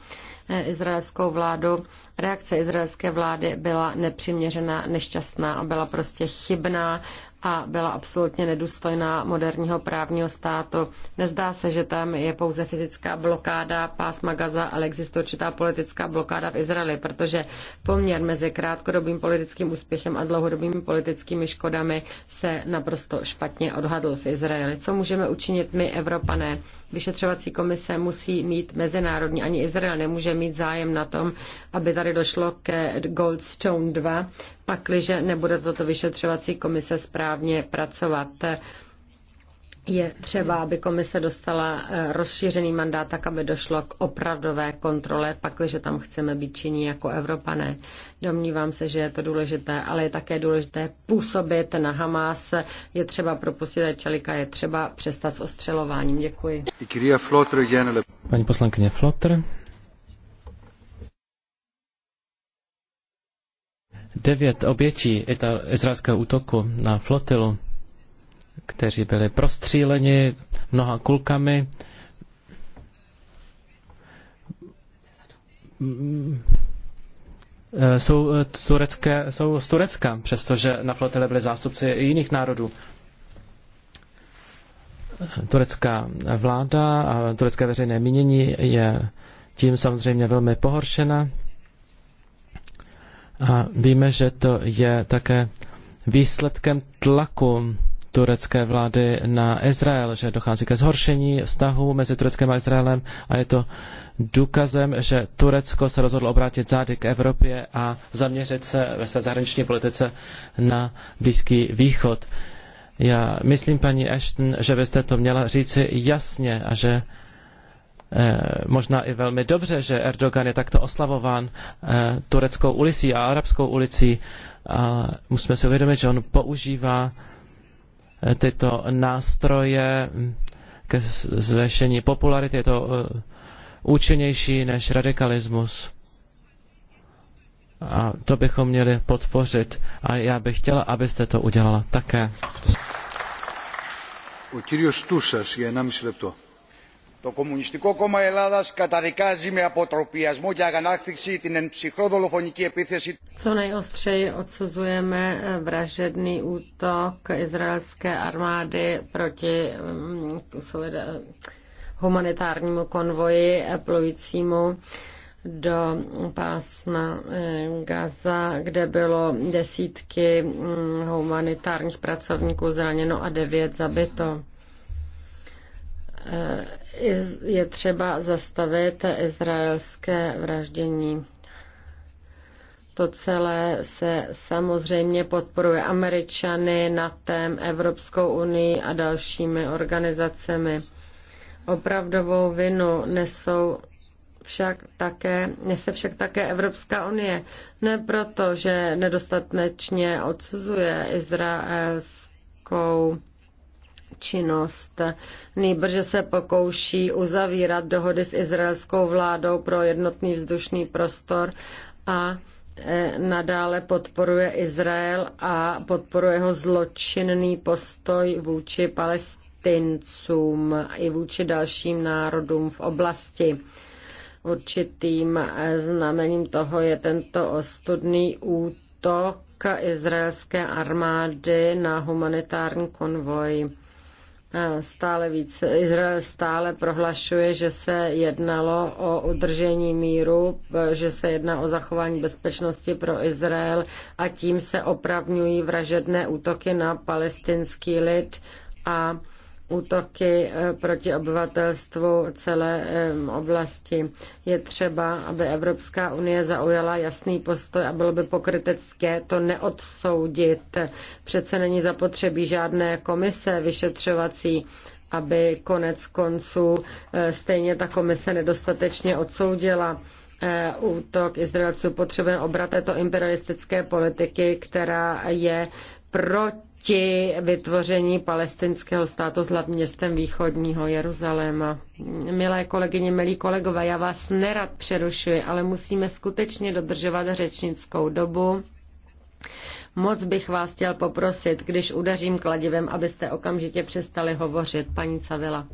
izraelskou vládu. Reakce izraelské vlády byla nepřiměřená, nešťastná a byla prostě chybná a byla absolutně nedůstojná moderního právního státu. Nezdá se, že tam je pouze fyzická blokáda pásma Gaza, ale existuje určitá politická blokáda v Izraeli, protože poměr mezi krátkodobým politickým úspěchem a dlouhodobými politickými škodami se naprosto špatně odhadl v Izraeli. Co můžeme učinit my, Evropané? vyšetřovací komise musí mít mezinárodní, ani Izrael nemůže mít zájem na tom, aby tady došlo ke Goldstone 2, pakliže nebude toto vyšetřovací komise správně pracovat je třeba, aby komise dostala eh, rozšířený mandát tak, aby došlo k opravdové kontrole, pakliže tam chceme být činí jako Evropané. Domnívám se, že je to důležité, ale je také důležité působit na Hamas, je třeba propustit Čelika, je třeba přestat s ostřelováním. Děkuji. Paní poslankyně Flotr. Devět obětí izraelského útoku na flotilu kteří byli prostříleni mnoha kulkami. Jsou, turecké, jsou z Turecka, přestože na flotile byli zástupci i jiných národů. Turecká vláda a turecké veřejné mínění je tím samozřejmě velmi pohoršena. A víme, že to je také výsledkem tlaku turecké vlády na Izrael, že dochází ke zhoršení vztahu mezi Tureckem a Izraelem a je to důkazem, že Turecko se rozhodlo obrátit zády k Evropě a zaměřit se ve své zahraniční politice na Blízký východ. Já myslím, paní Ashton, že byste to měla říci jasně a že eh, možná i velmi dobře, že Erdogan je takto oslavován eh, tureckou ulicí a arabskou ulicí. A musíme si uvědomit, že on používá Eh, tyto nástroje hm, ke zvýšení popularity. Je to eh, účinnější než radikalismus. A to bychom měli podpořit. A já bych chtěla, abyste to udělala také. O Tusas, je na το κομμουνιστικό κόμμα ελλάδας καταδικάζει με αποτροπιασμό και αγανάκτηση την ψυχρό δολοφονική επίθεση Co nejostřeji odsuzujeme eh, vražedný útok izraelské armády proti mm, humanitárnímu konvoji eh, plujícímu do pásma eh, Gaza, kde bylo desítky mm, humanitárních pracovníků zraněno a devět zabito. Eh, je třeba zastavit izraelské vraždění. To celé se samozřejmě podporuje Američany, NATEM, Evropskou unii a dalšími organizacemi. Opravdovou vinu nesou však také, nese však také Evropská unie. Ne proto, že nedostatečně odsuzuje izraelskou činnost. Nejbrže se pokouší uzavírat dohody s izraelskou vládou pro jednotný vzdušný prostor a e, nadále podporuje Izrael a podporuje jeho zločinný postoj vůči palestincům i vůči dalším národům v oblasti. Určitým e, znamením toho je tento ostudný útok izraelské armády na humanitární konvoj Eh, stále víc, Izrael stále prohlašuje, že se jednalo o udržení míru, eh, že se jedná o zachování bezpečnosti pro Izrael a tím se opravňují vražedné útoky na palestinský lid a útoky eh, proti obyvatelstvu celé oblasti. Je třeba, aby Evropská unie zaujala jasný postoj a bylo by pokrytecké to neodsoudit. Přece není zapotřebí žádné komise vyšetřovací aby konec konců eh, stejně ta komise nedostatečně odsoudila eh, útok Izraelců. Potřebujeme obrat této imperialistické politiky, která je proti ti vytvoření palestinského státu s hlavním městem východního Jeruzaléma. Milé kolegyně, milí kolegové, já vás nerad přerušuji, ale musíme skutečně dodržovat řečnickou dobu. Moc bych vás chtěl poprosit, když udařím kladivem, abyste okamžitě přestali hovořit, paní Cavila.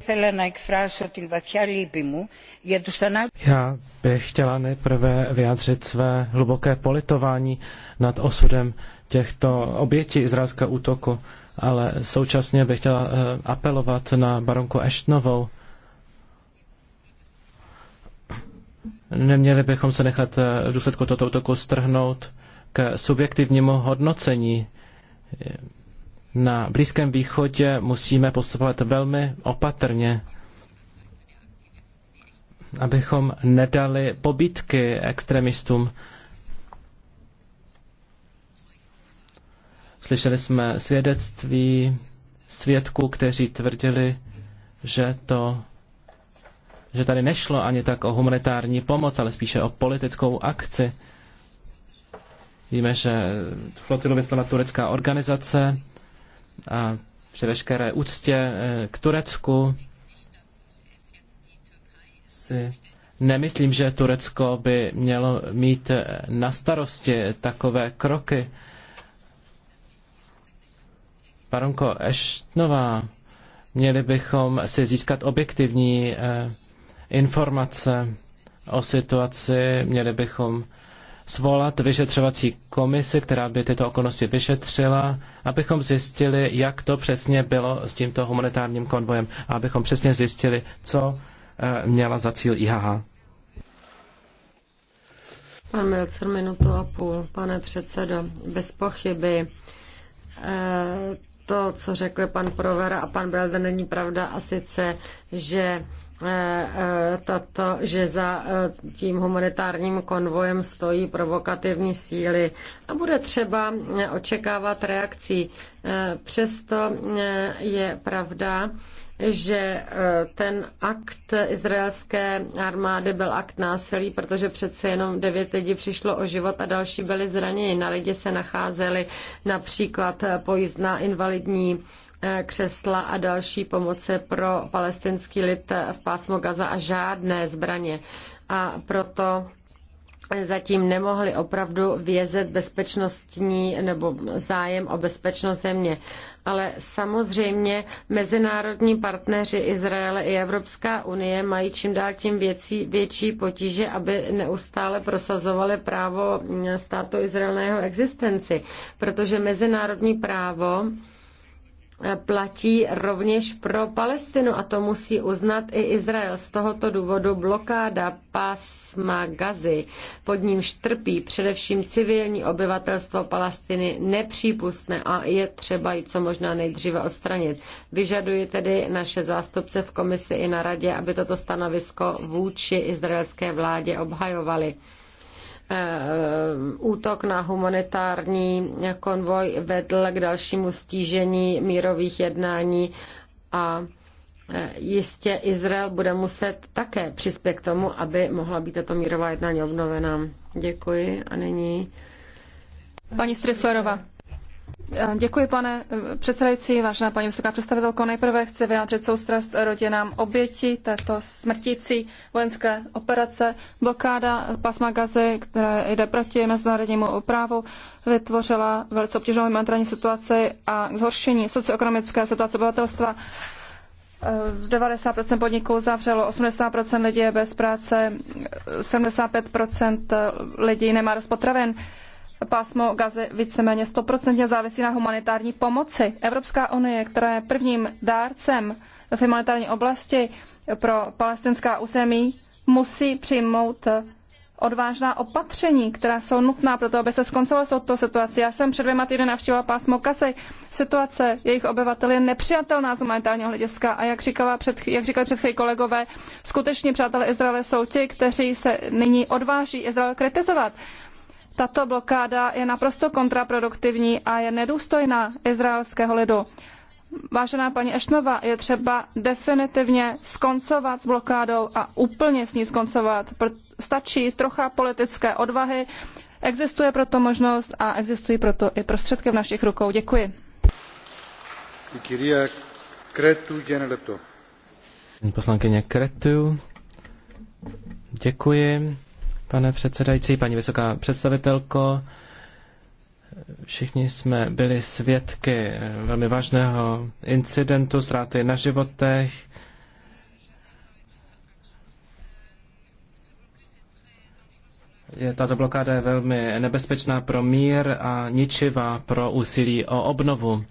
Já bych chtěla nejprve vyjádřit své hluboké politování nad osudem těchto obětí izraelského útoku, ale současně bych chtěla eh, apelovat na baronku Eštnovou, Neměli bychom se nechat eh, v důsledku tohoto útoku strhnout k subjektivnímu hodnocení. Na Blízkém východě musíme postupovat velmi opatrně, abychom nedali pobítky extremistům. Slyšeli jsme svědectví svědků, kteří tvrdili, že to že tady nešlo ani tak o humanitární pomoc, ale spíše o politickou akci. Víme, že flotilu vyslala turecká organizace a při veškeré úctě eh, k Turecku si nemyslím, že Turecko by mělo mít eh, na starosti takové kroky. Baronko Eštnová, měli bychom si získat objektivní eh, informace o situaci, měli bychom svolat vyšetřovací komisi, která by tyto okolnosti vyšetřila, abychom zjistili, jak to přesně bylo s tímto humanitárním konvojem a abychom přesně zjistili, co eh, měla za cíl IHH. Pan Milcer, minutu a půl. Pane předsedo, bez pochyby eh, to, co řekl pan Provera a pan Belde, není pravda a sice, že eh, eh, tato, že za eh, tím humanitárním konvojem stojí provokativní síly a bude třeba očekávat reakcí. Přesto je pravda, že e, ten akt izraelské armády byl akt násilí, protože přece jenom devět lidí přišlo o život a další byli zraněni. Na lidi se nacházely například pojízdná invalidní e, křesla a další pomoce pro palestinský lid v pásmu Gaza a žádné zbraně. A proto zatím nemohli opravdu vězet bezpečnostní nebo zájem o bezpečnost země. Ale samozřejmě mezinárodní partneři Izraele i Evropská unie mají čím dál tím věcí, větší potíže, aby neustále prosazovali právo státu Izrael na jeho existenci, protože mezinárodní právo platí rovněž pro Palestinu a to musí uznat i Izrael. Z tohoto důvodu blokáda pásma Gazy, pod ním štrpí především civilní obyvatelstvo Palestiny, nepřípustné a je třeba ji co možná nejdříve odstranit. Vyžaduje tedy naše zástupce v komisi i na radě, aby toto stanovisko vůči izraelské vládě obhajovali. Eh, eh, útok na humanitární konvoj vedl k dalšímu stížení mírových jednání a eh, jistě Izrael bude muset také přispět k tomu, aby mohla být tato mírová jednání obnovena. Děkuji a nyní. Paní Striflerová. Děkuji, pane eh, předsedající, vážená paní vysoká představitelko. Nejprve chci vyjádřit soustrast rodinám obětí této smrtící vojenské operace. Blokáda pasma Gazy, která jde proti mezinárodnímu právu, vytvořila velice obtížnou humanitární situaci a zhoršení socioekonomické situace obyvatelstva. 90% eh, podniků zavřelo, 80% lidí je bez práce, 75% eh, lidí nemá dost potravin pásmo Gazy víceméně 100% závisí na humanitární pomoci. Evropská unie, která je prvním dárcem v humanitární oblasti pro palestinská území, musí přijmout odvážná opatření, která jsou nutná pro to, aby se skoncovala s touto situací. Já jsem před dvěma týdny navštívila pásmo Kasej. Situace jejich obyvatel je nepřijatelná z humanitárního hlediska a jak, říkala před, jak říkali před chvíli kolegové, skuteční přátelé Izraele jsou ti, kteří se nyní odváží Izrael kritizovat. Tato blokáda je naprosto kontraproduktivní a je nedůstojná izraelského lidu. Vážená paní Ešnova, je třeba definitivně skoncovat s blokádou a úplně s ní skoncovat. Stačí trocha politické odvahy, existuje proto možnost a existují proto i prostředky v našich rukou. Děkuji. Poslankyně Kretu, děkuji pane předsedající, paní vysoká představitelko. Všichni jsme byli svědky eh, velmi vážného incidentu, ztráty na životech. Je tato blokáda je velmi nebezpečná pro mír a ničivá pro úsilí o obnovu.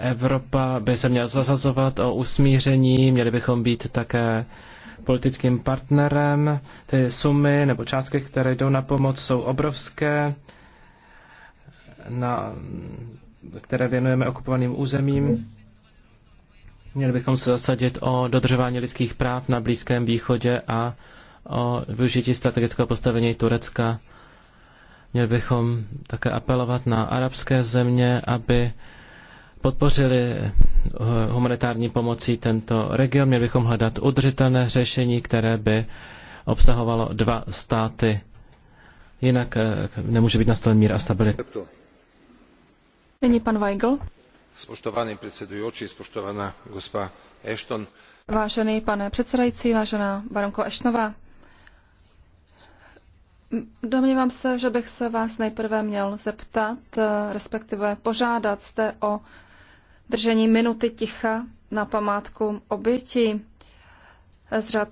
Evropa by se měla zasazovat o usmíření, měli bychom být také politickým partnerem. Ty sumy nebo částky, které jdou na pomoc, jsou obrovské, na, které věnujeme okupovaným územím. Měli bychom se zasadit o dodržování lidských práv na Blízkém východě a o využití strategického postavení Turecka. Měli bychom také apelovat na arabské země, aby podpořili eh, humanitární pomocí tento region. Měli bychom hledat udržitelné řešení, které by obsahovalo dva státy. Jinak eh, nemůže být nastolen mír a stabilita. Nyní pan Weigl. Spoštovaný předsedující, spoštovaná gospa Ashton. Vážený pane předsedající, vážená baronko Ashtonová, Domnívám se, že bych se vás nejprve měl zeptat, eh, respektive požádat jste o držení minuty ticha na památku oběti z řad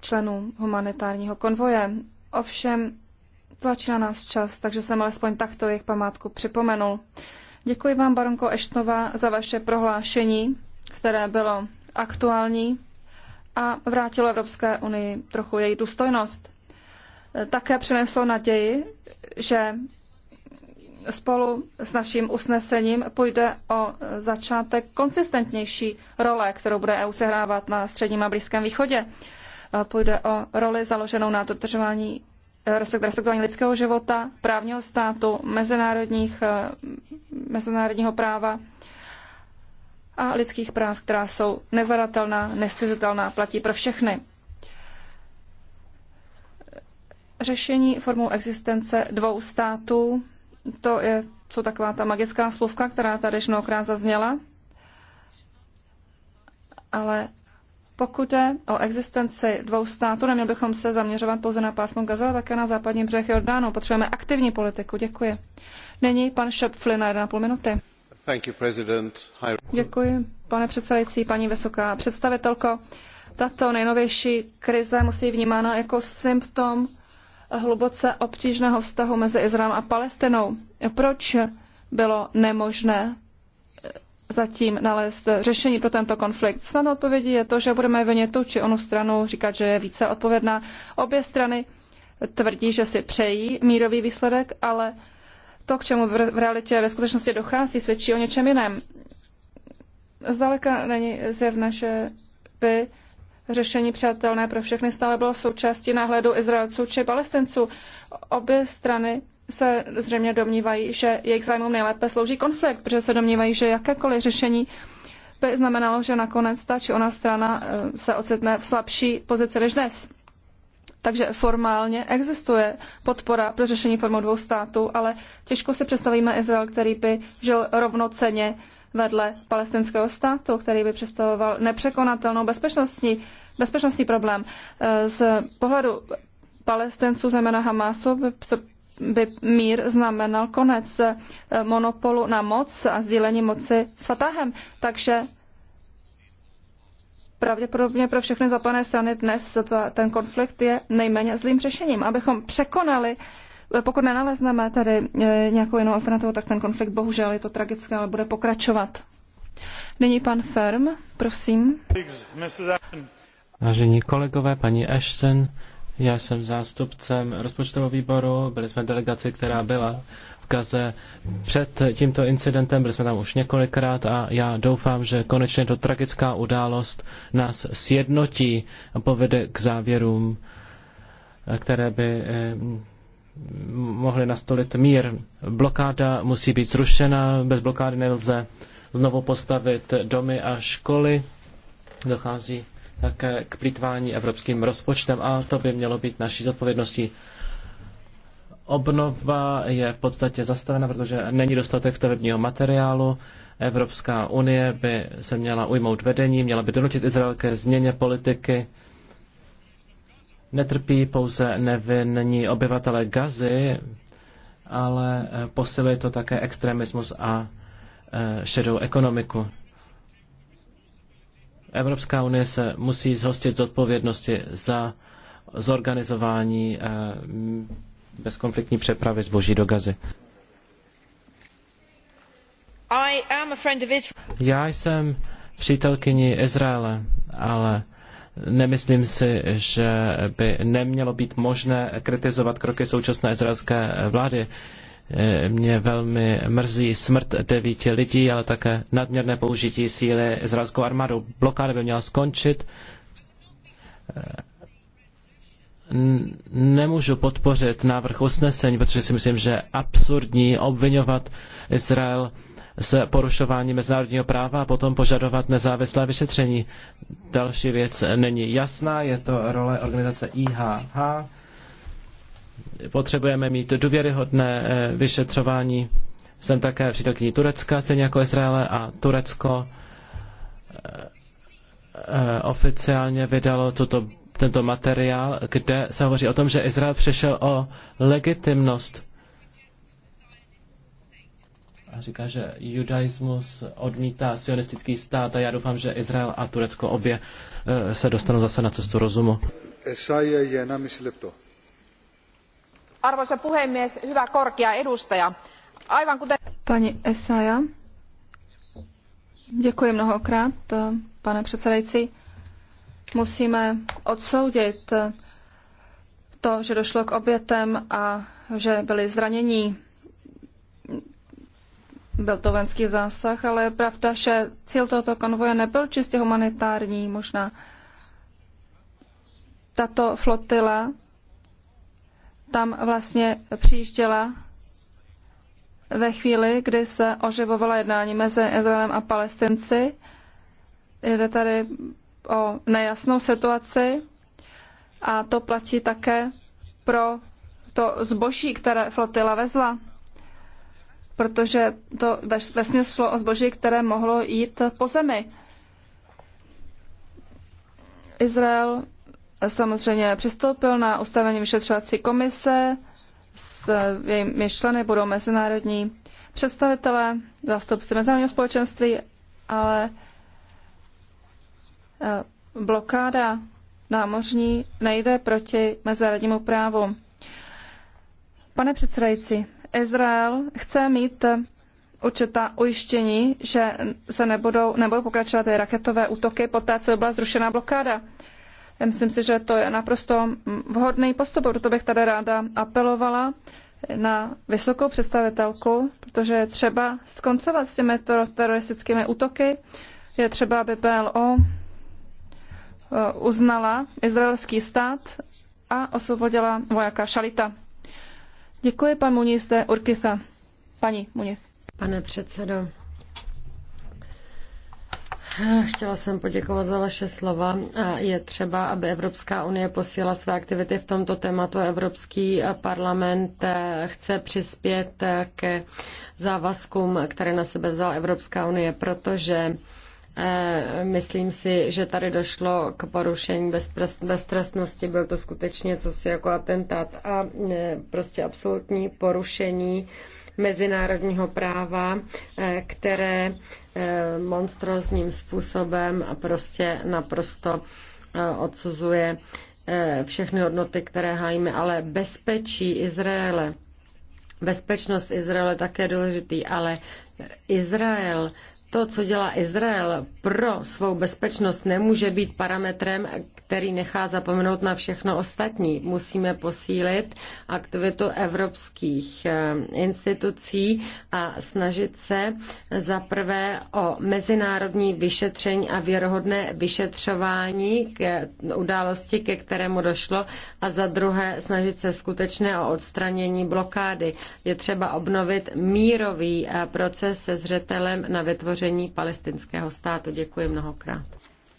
členů humanitárního konvoje. Ovšem tlačí na nás čas, takže jsem alespoň takto jejich památku připomenul. Děkuji vám, baronko Eštnova, za vaše prohlášení, které bylo aktuální a vrátilo Evropské unii trochu její důstojnost. Také přineslo naději, že spolu s naším usnesením půjde o začátek konsistentnější role, kterou bude EU sehrávat na středním a blízkém východě. Půjde o roli založenou na dodržování respektování lidského života, právního státu, mezinárodních, eh, mezinárodního práva a lidských práv, která jsou nezadatelná, nescizitelná, platí pro všechny. Řešení formou existence dvou států to je, jsou taková ta magická slovka, která tady mnohokrát zazněla. Ale pokud je o existenci dvou států, neměl bychom se zaměřovat pouze na pásmo Gaza, ale také na západní břeh Jordánu. Potřebujeme aktivní politiku. Děkuji. Nyní pan Šepfli na 1,5 minuty. Děkuji, pane předsedající, paní vysoká představitelko. Tato nejnovější krize musí vnímána jako symptom hluboce obtížného vztahu mezi Izraelem a Palestinou. Proč bylo nemožné eh, zatím nalézt řešení pro tento konflikt. Snadnou odpovědí je to, že budeme vinit tu či onu stranu říkat, že je více odpovědná. Obě strany tvrdí, že si přejí mírový výsledek, ale to, k čemu v realitě ve skutečnosti dochází, svědčí o něčem jiném. Zdaleka není zjevné, že by řešení přátelné pro všechny stále bylo součástí náhledu Izraelců či Palestinců. Obě strany se zřejmě domnívají, že jejich zájmům nejlépe slouží konflikt, protože se domnívají, že jakékoliv řešení by znamenalo, že nakonec ta či ona strana eh, se ocitne v slabší pozici než dnes. Takže formálně existuje podpora pro řešení formou dvou států, ale těžko si představíme Izrael, který by žil rovnoceně vedle palestinského státu, který by představoval nepřekonatelnou bezpečnostní, bezpečnostní problém. E, z pohledu palestinců, zejména Hamasu, by, by mír znamenal konec e, monopolu na moc a sdílení moci s Fatahem. Takže pravděpodobně pro všechny zapané strany dnes ten konflikt je nejméně zlým řešením. Abychom překonali uh, pokud nenalezneme tady e, nějakou jinou alternativu, tak ten konflikt bohužel je to tragické, ale bude pokračovat. Nyní pan Ferm, prosím. Vážení kolegové, paní Ashton, já jsem zástupcem rozpočtového výboru, byli jsme delegaci, která byla v Gaze před tímto incidentem, byli jsme tam už několikrát a já doufám, že konečně to tragická událost nás sjednotí a povede k závěrům, které by eh, mohli nastolit mír. Blokáda musí být zrušena, bez blokády nelze znovu postavit domy a školy. Dochází také k plítvání evropským rozpočtem a to by mělo být naší zodpovědností. Obnova je v podstatě zastavena, protože není dostatek stavebního materiálu. Evropská unie by se měla ujmout vedení, měla by donutit Izrael ke změně politiky netrpí pouze nevinní obyvatele Gazy, ale eh, posiluje to také extremismus a eh, šedou ekonomiku. Evropská unie se musí zhostit z odpovědnosti za zorganizování eh, bezkonfliktní přepravy zboží do Gazy. Já jsem přítelkyní Izraele, ale Nemyslím si, že by nemělo být možné kritizovat kroky současné izraelské vlády. Mě velmi mrzí smrt devíti lidí, ale také nadměrné použití síly izraelskou armádou. Blokáda by měla skončit. Nemůžu podpořit návrh usnesení, protože si myslím, že je absurdní obvinovat Izrael s porušováním mezinárodního práva a potom požadovat nezávislé vyšetření. Další věc není jasná, je to role organizace IHH. Potřebujeme mít důvěryhodné eh, vyšetřování. Jsem také přítelkyní Turecka, stejně jako Izraele a Turecko eh, eh, oficiálně vydalo tuto, tento materiál, kde se hovoří o tom, že Izrael přišel o legitimnost říká, že judaismus odmítá sionistický stát a já doufám, že Izrael a Turecko obě e, se dostanou zase na cestu rozumu. Arvoisa puhemies, hyvä korkea edustaja. Aivan kuten... Pani Esaja, děkuji mnohokrát, e, pane předsedající. Musíme odsoudit to, že došlo k obětem a že byli zranění byl to venský zásah, ale je pravda, že cíl tohoto konvoje nebyl čistě humanitární. Možná tato flotila tam vlastně přijížděla ve chvíli, kdy se oživovala jednání mezi Izraelem a Palestinci. Jde tady o nejasnou situaci a to platí také pro to zboží, které flotila vezla protože to ve šlo o zboží, které mohlo jít po zemi. Izrael samozřejmě přistoupil na ustavení vyšetřovací komise, s jejími členy budou mezinárodní představitelé, zástupci mezinárodního společenství, ale eh, blokáda námořní nejde proti mezinárodnímu právu. Pane předsedající, Izrael chce mít určitá ujištění, že se nebudou, nebudou pokračovat raketové útoky poté, co by byla zrušena blokáda. Myslím si, že to je naprosto vhodný postup, proto bych tady ráda apelovala na vysokou představitelku, protože je třeba skoncovat s těmi teroristickými útoky. Je třeba, aby PLO eh, uznala izraelský stát a osvobodila vojaka Šalita. Děkuji, pan Muniz de Paní Muniz. Pane předsedo, Chtěla jsem poděkovat za vaše slova. Je třeba, aby Evropská unie posílala své aktivity v tomto tématu. Evropský parlament eh, chce přispět eh, ke závazkům, které na sebe vzala Evropská unie, protože Eh, myslím si, že tady došlo k porušení beztrestnosti, byl to skutečně cosi jako atentát a eh, prostě absolutní porušení mezinárodního práva, eh, které monstrozním způsobem a prostě naprosto odsuzuje všechny hodnoty, které hájíme, ale bezpečí Izraele, bezpečnost Izraele také důležitý, ale Izrael to, co dělá Izrael pro svou bezpečnost, nemůže být parametrem, který nechá zapomenout na všechno ostatní. Musíme posílit aktivitu evropských eh, institucí a snažit se zaprvé o mezinárodní vyšetření a věrohodné vyšetřování k události, ke kterému došlo a za druhé snažit se skutečně o odstranění blokády. Je třeba obnovit mírový eh, proces se zřetelem na vytvoření vytvoření palestinského státu. Děkuji mnohokrát.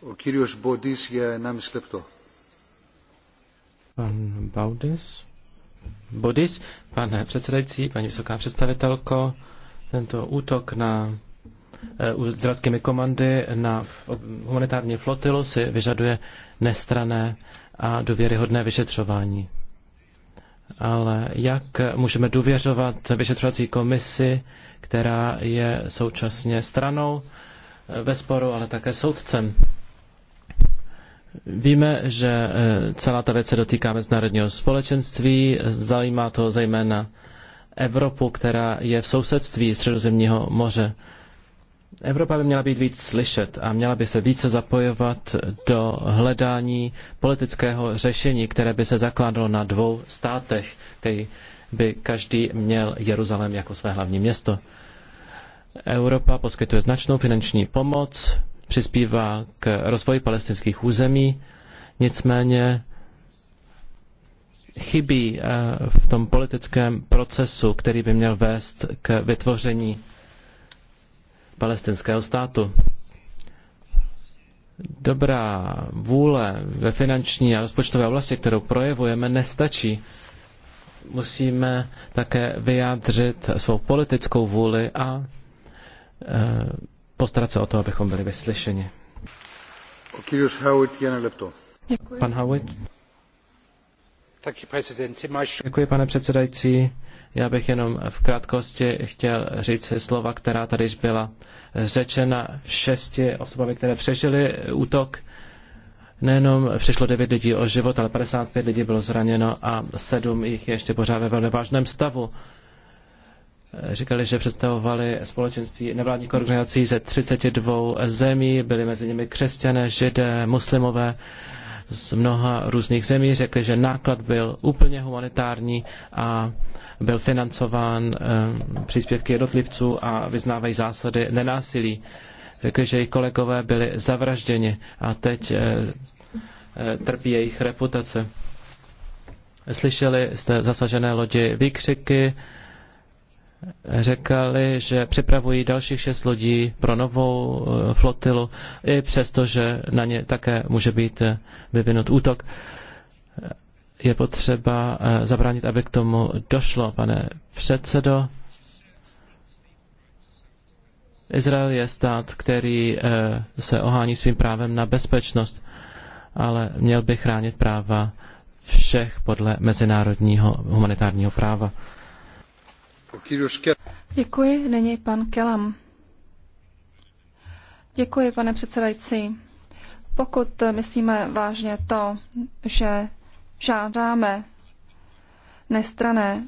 O Kyrios Bodis je na myslepto. Pan Baudis. Bodis, pane předsedající, paní vysoká představitelko, tento útok na eh, izraelskými komandy na humanitární flotilu si vyžaduje nestrané a důvěryhodné vyšetřování. Ale jak můžeme důvěřovat vyšetřovací komisi, která je současně stranou eh, ve sporu, ale také soudcem. Víme, že eh, celá ta věc se dotýká mezinárodního společenství, zajímá to zejména Evropu, která je v sousedství Středozemního moře. Evropa by měla být víc slyšet a měla by se více zapojovat do hledání politického řešení, které by se zakládalo na dvou státech, který by každý měl Jeruzalém jako své hlavní město. Evropa poskytuje značnou finanční pomoc, přispívá k rozvoji palestinských území, nicméně chybí eh, v tom politickém procesu, který by měl vést k vytvoření palestinského státu. Dobrá vůle ve finanční a rozpočtové oblasti, kterou projevujeme, nestačí musíme také vyjádřit svou politickou vůli a e, postarat se o to, abychom byli vyslyšeni. Pan Howitt. Děkuji, pane předsedající. Já bych jenom v krátkosti chtěl říct slova, která tady byla řečena šesti osobami, které přežily útok nejenom přišlo 9 lidí o život, ale 55 lidí bylo zraněno a 7 jich je ještě pořád ve velmi vážném stavu. Říkali, že představovali společenství nevládních organizací ze 32 zemí, byli mezi nimi křesťané, židé, muslimové z mnoha různých zemí. Řekli, že náklad byl úplně humanitární a byl financován eh, příspěvky jednotlivců a vyznávají zásady nenásilí řekli, že jejich kolegové byli zavražděni a teď eh, eh, trpí jejich reputace. Slyšeli jste zasažené lodi výkřiky, řekali, že připravují dalších šest lodí pro novou eh, flotilu, i přesto, že na ně také může být vyvinut útok. Je potřeba zabránit, aby k tomu došlo, pane předsedo. Izrael je stát, který eh, se ohání svým právem na bezpečnost, ale měl by chránit práva všech podle mezinárodního humanitárního práva. Děkuji, není pan Kelam. Děkuji, pane předsedající. Pokud myslíme vážně to, že žádáme nestrané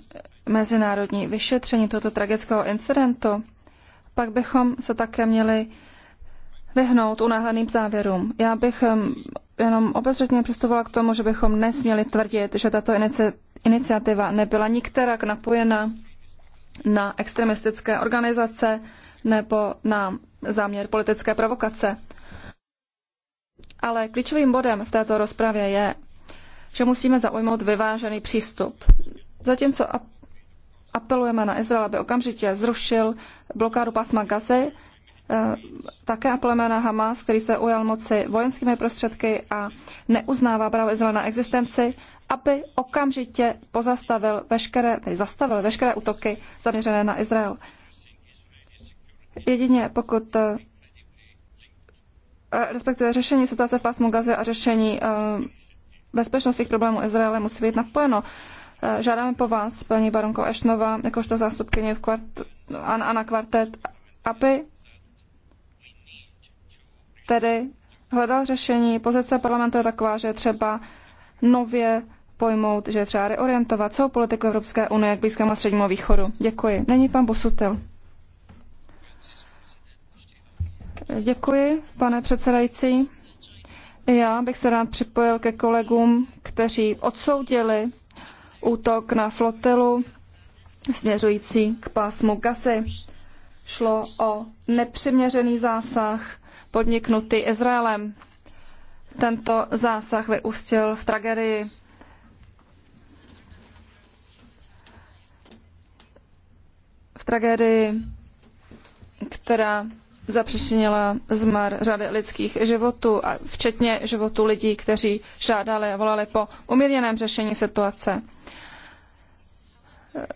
mezinárodní vyšetření tohoto tragického incidentu, pak bychom se také měli vyhnout unáhleným závěrům. Já bych jenom obezřetně přistupovala k tomu, že bychom nesměli tvrdit, že tato iniciativa nebyla nikterak napojena na extremistické organizace nebo na záměr politické provokace. Ale klíčovým bodem v této rozpravě je, že musíme zaujmout vyvážený přístup. Zatímco apelujeme na Izrael, aby okamžitě zrušil blokádu pásma Gazy. Eh, také apelujeme na Hamas, který se ujal moci vojenskými prostředky a neuznává právo Izraela na existenci, aby okamžitě pozastavil veškeré, tedy zastavil veškeré útoky zaměřené na Izrael. Jedině pokud eh, respektive řešení situace v pásmu Gazy a řešení eh, bezpečnostních problémů Izraele musí být napojeno. Eh, žádáme po vás, paní baronko Ešnova, jakožto zástupkyně v kvart, Anna Kvartet, aby tedy hledal řešení. Pozice parlamentu je taková, že je třeba nově pojmout, že je třeba reorientovat celou politiku Evropské unie k Blízkému a Střednímu východu. Děkuji. Není pan Bosutil. Děkuji, pane předsedající. Já bych se rád připojil ke kolegům, kteří odsoudili útok na flotilu směřující k pásmu Gazy. Šlo o nepřiměřený zásah podniknutý Izraelem. Tento zásah vyústil v tragédii. V tragédii, která zapřičinila zmar řady lidských životů, a včetně životů lidí, kteří žádali a volali po umírněném řešení situace.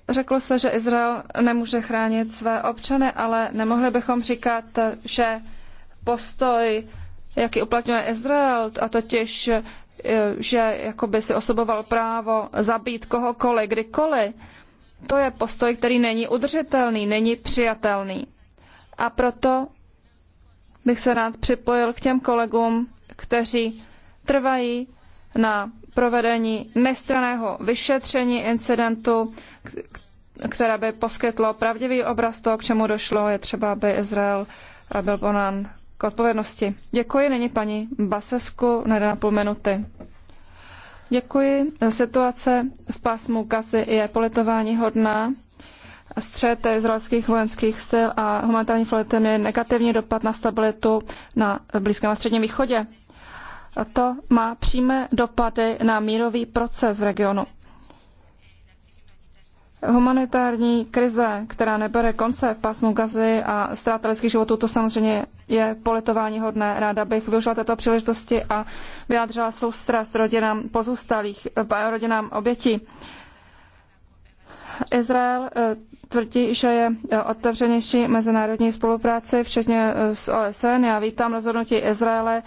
Řeklo se, že Izrael nemůže chránit své občany, ale nemohli bychom říkat, že postoj, jaký uplatňuje Izrael, a totiž, e, že jakoby si osoboval právo zabít kohokoliv, kdykoliv, to je postoj, který není udržitelný, není přijatelný. A proto bych se rád připojil k těm kolegům, kteří trvají na provedení nestraného vyšetření incidentu, které by poskytlo pravdivý obraz toho, k čemu došlo. Je třeba, aby Izrael eh, byl ponán k odpovědnosti. Děkuji, nyní paní Basesku na 1,5 minuty. Děkuji. Situace v pásmu Gazy je politování hodná střet izraelských vojenských sil a humanitární flotem je negativní dopad na stabilitu na Blízkém a Středním východě. A to má přímé dopady na mírový proces v regionu. Humanitární krize, která nebere konce v pásmu Gazy a ztráta lidských životů, to samozřejmě je politování hodné. Ráda bych využila této příležitosti a vyjádřila soustrast rodinám pozůstalých, eh, rodinám obětí. Izrael eh, tvrdí, že je e, otevřenější mezinárodní spolupráci, včetně e, s OSN. Já vítám rozhodnutí Izraele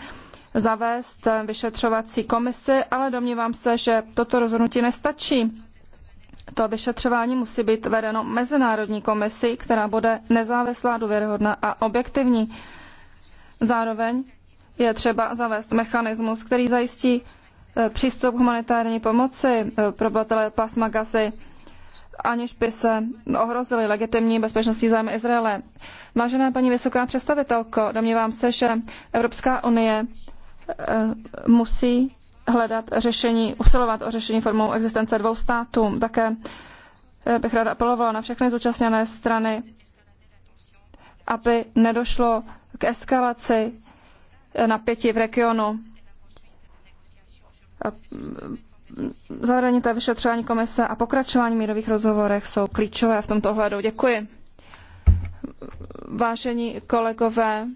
zavést e, vyšetřovací komisi, ale domnívám se, že toto rozhodnutí nestačí. To vyšetřování musí být vedeno mezinárodní komisí, která bude nezávislá, důvěryhodná a objektivní. Zároveň je třeba zavést mechanismus, který zajistí přístup k humanitární pomoci pro obyvatele pasma Gazy aniž by se ohrozily legitimní bezpečnostní zájmy Izraele. Vážená paní vysoká představitelko, domnívám se, že Evropská unie eh, musí hledat řešení, usilovat o řešení formou existence dvou států. Také eh, bych ráda apelovala na všechny zúčastněné strany, aby nedošlo k eskalaci eh, napětí v regionu zavedení té vyšetřování komise a pokračování mírových rozhovorech jsou klíčové v tomto ohledu. Děkuji. Vážení kolegové,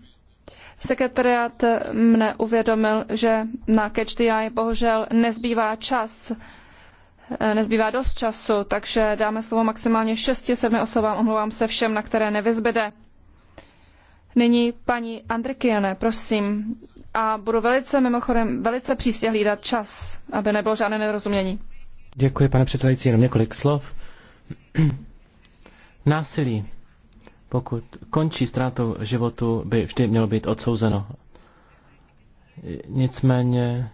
sekretariat mne uvědomil, že na Catch the Eye bohužel nezbývá čas, nezbývá dost času, takže dáme slovo maximálně šesti, sedmi osobám, omlouvám se všem, na které nevyzbyde. Nyní paní Andrikiene, prosím, a budu velice, mimochodem, velice přísně hlídat čas, aby nebylo žádné nedorozumění. Děkuji, pane předsedající, jenom několik slov. Násilí, pokud končí ztrátou životu, by vždy mělo být odsouzeno. Nicméně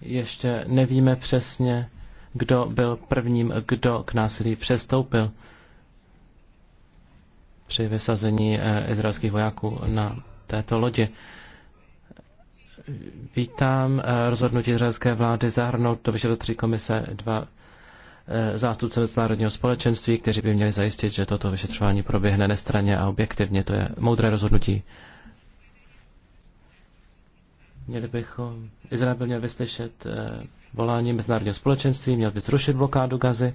ještě nevíme přesně, kdo byl prvním, kdo k násilí přestoupil při vysazení eh, izraelských vojáků na této lodi vítám eh, rozhodnutí izraelské vlády zahrnout do vyšetřovací komise dva eh, zástupce mezinárodního společenství, kteří by měli zajistit, že toto vyšetřování proběhne nestranně a objektivně. To je moudré rozhodnutí. Měli bychom, Izrael by měl vyslyšet eh, volání mezinárodního společenství, měl by zrušit blokádu gazy.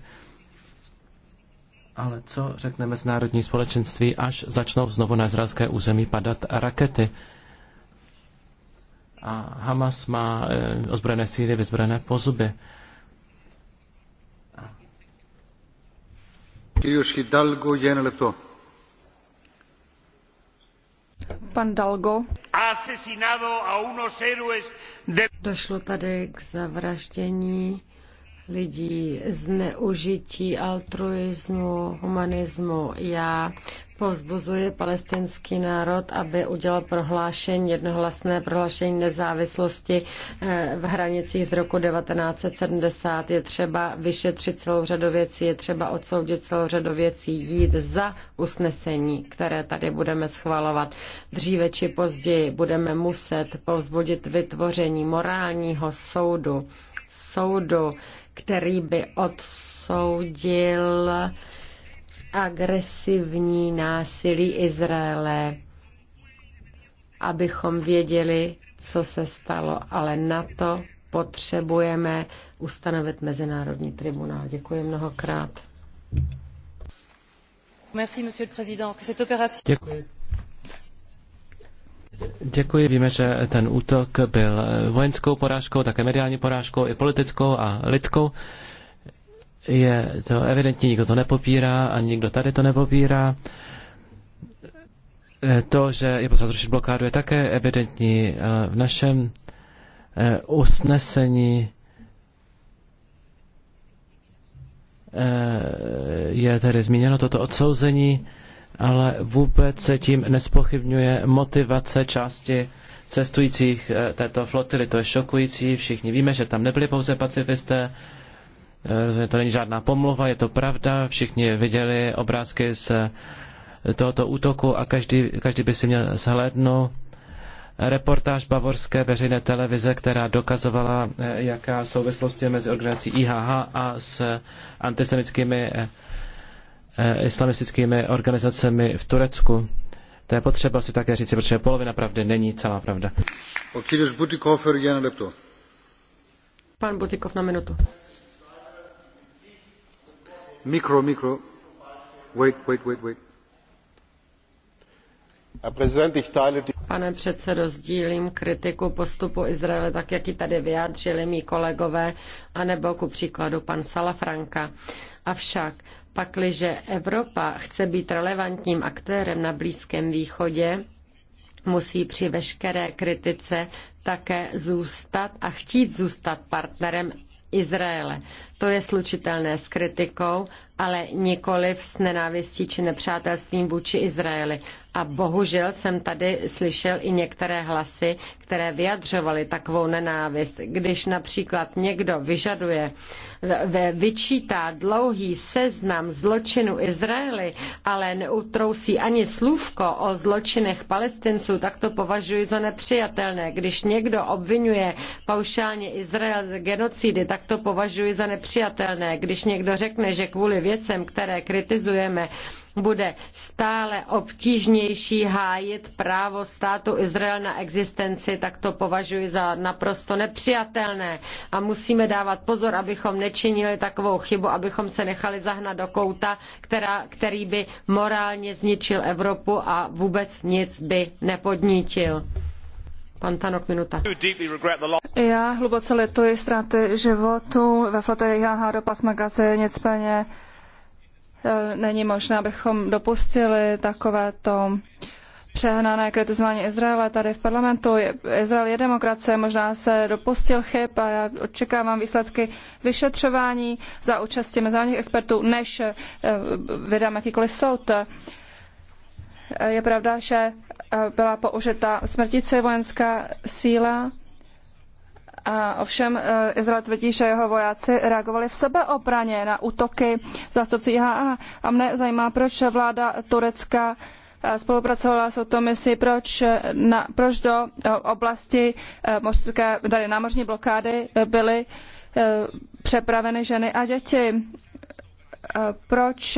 Ale co řekne mezinárodní společenství, až začnou znovu na izraelské území padat rakety? a Hamas má eh, ozbrojené síly vyzbrojené po zuby. Pan Dalgo. Došlo tady k zavraždění lidí, zneužití altruismu, humanismu. Já povzbuzuje palestinský národ, aby udělal prohlášení, jednohlasné prohlášení nezávislosti eh, v hranicích z roku 1970. Je třeba vyšetřit celou řadu věcí, je třeba odsoudit celou řadu věcí, jít za usnesení, které tady budeme schvalovat. Dříve či později budeme muset povzbudit vytvoření morálního soudu, soudu, který by odsoudil agresivní násilí Izraele, abychom věděli, co se stalo, ale na to potřebujeme ustanovit Mezinárodní tribunál. Děkuji mnohokrát. Merci, monsieur le président. Que cette opération... Děkuji. Děkuji. Víme, že ten útok byl vojenskou porážkou, také mediální porážkou, i politickou a lidskou je to evidentní, nikdo to nepopírá, ani nikdo tady to nepopírá. Eh, to, že je potřeba zrušit blokádu, je také evidentní. Eh, v našem eh, usnesení je tedy zmíněno toto odsouzení, ale vůbec se tím nespochybňuje motivace části cestujících této flotily. To je šokující, všichni víme, že tam nebyli pouze pacifisté, Rozhodně eh, to není žádná pomluva, je to pravda, všichni viděli obrázky z tohoto útoku a každý, každý by si měl zhlédnout reportáž bavorské veřejné televize, která dokazovala, eh, jaká souvislost je mezi organizací IHH a s antisemickými eh, islamistickými organizacemi v Turecku. To je potřeba si také říci, protože polovina pravdy není celá pravda. Pan Butikov na minutu. Pane předsedo, sdílím kritiku postupu Izraele, tak jak ji tady vyjádřili mý kolegové, anebo kupříkladu příkladu pan Salafranka. Avšak pakliže Evropa chce být relevantním aktérem na Blízkém východě, musí při veškeré kritice také zůstat a chtít zůstat partnerem Izraele. To je slučitelné s kritikou ale nikoliv s nenávistí či nepřátelstvím vůči Izraeli. A bohužel jsem tady slyšel i některé hlasy, které vyjadřovaly takovou nenávist. Když například někdo vyžaduje, vyčítá dlouhý seznam zločinu Izraeli, ale neutrousí ani slůvko o zločinech palestinců, tak to považuji za nepřijatelné. Když někdo obvinuje paušálně Izrael z genocidy, tak to považuji za nepřijatelné. Když někdo řekne, že kvůli věcem, které kritizujeme, bude stále obtížnější hájit právo státu Izrael na existenci, tak to považuji za naprosto nepřijatelné. A musíme dávat pozor, abychom nečinili takovou chybu, abychom se nechali zahnat do kouta, která, který by morálně zničil Evropu a vůbec nic by nepodnítil. Pan Tanok, minuta. Já hluboce letuji ztráty životu ve flotě IHH do pasma Gazy, nicméně Eh, není možné, abychom dopustili takovéto přehnané kritizování Izraele tady v parlamentu. Izrael je demokracie, možná se dopustil chyb a já očekávám výsledky vyšetřování za účasti mezinárodních expertů, než eh, vydám jakýkoliv soud. Eh, je pravda, že byla použita smrtící vojenská síla a ovšem e, Izrael tvrdí, že jeho vojáci reagovali v sebeobraně na útoky zástupců IHA. A mne zajímá, proč vláda Turecka e, spolupracovala s touto misí, proč, e, na, proč do oblasti mořské, tady námořní blokády byly přepraveny ženy a děti. Proč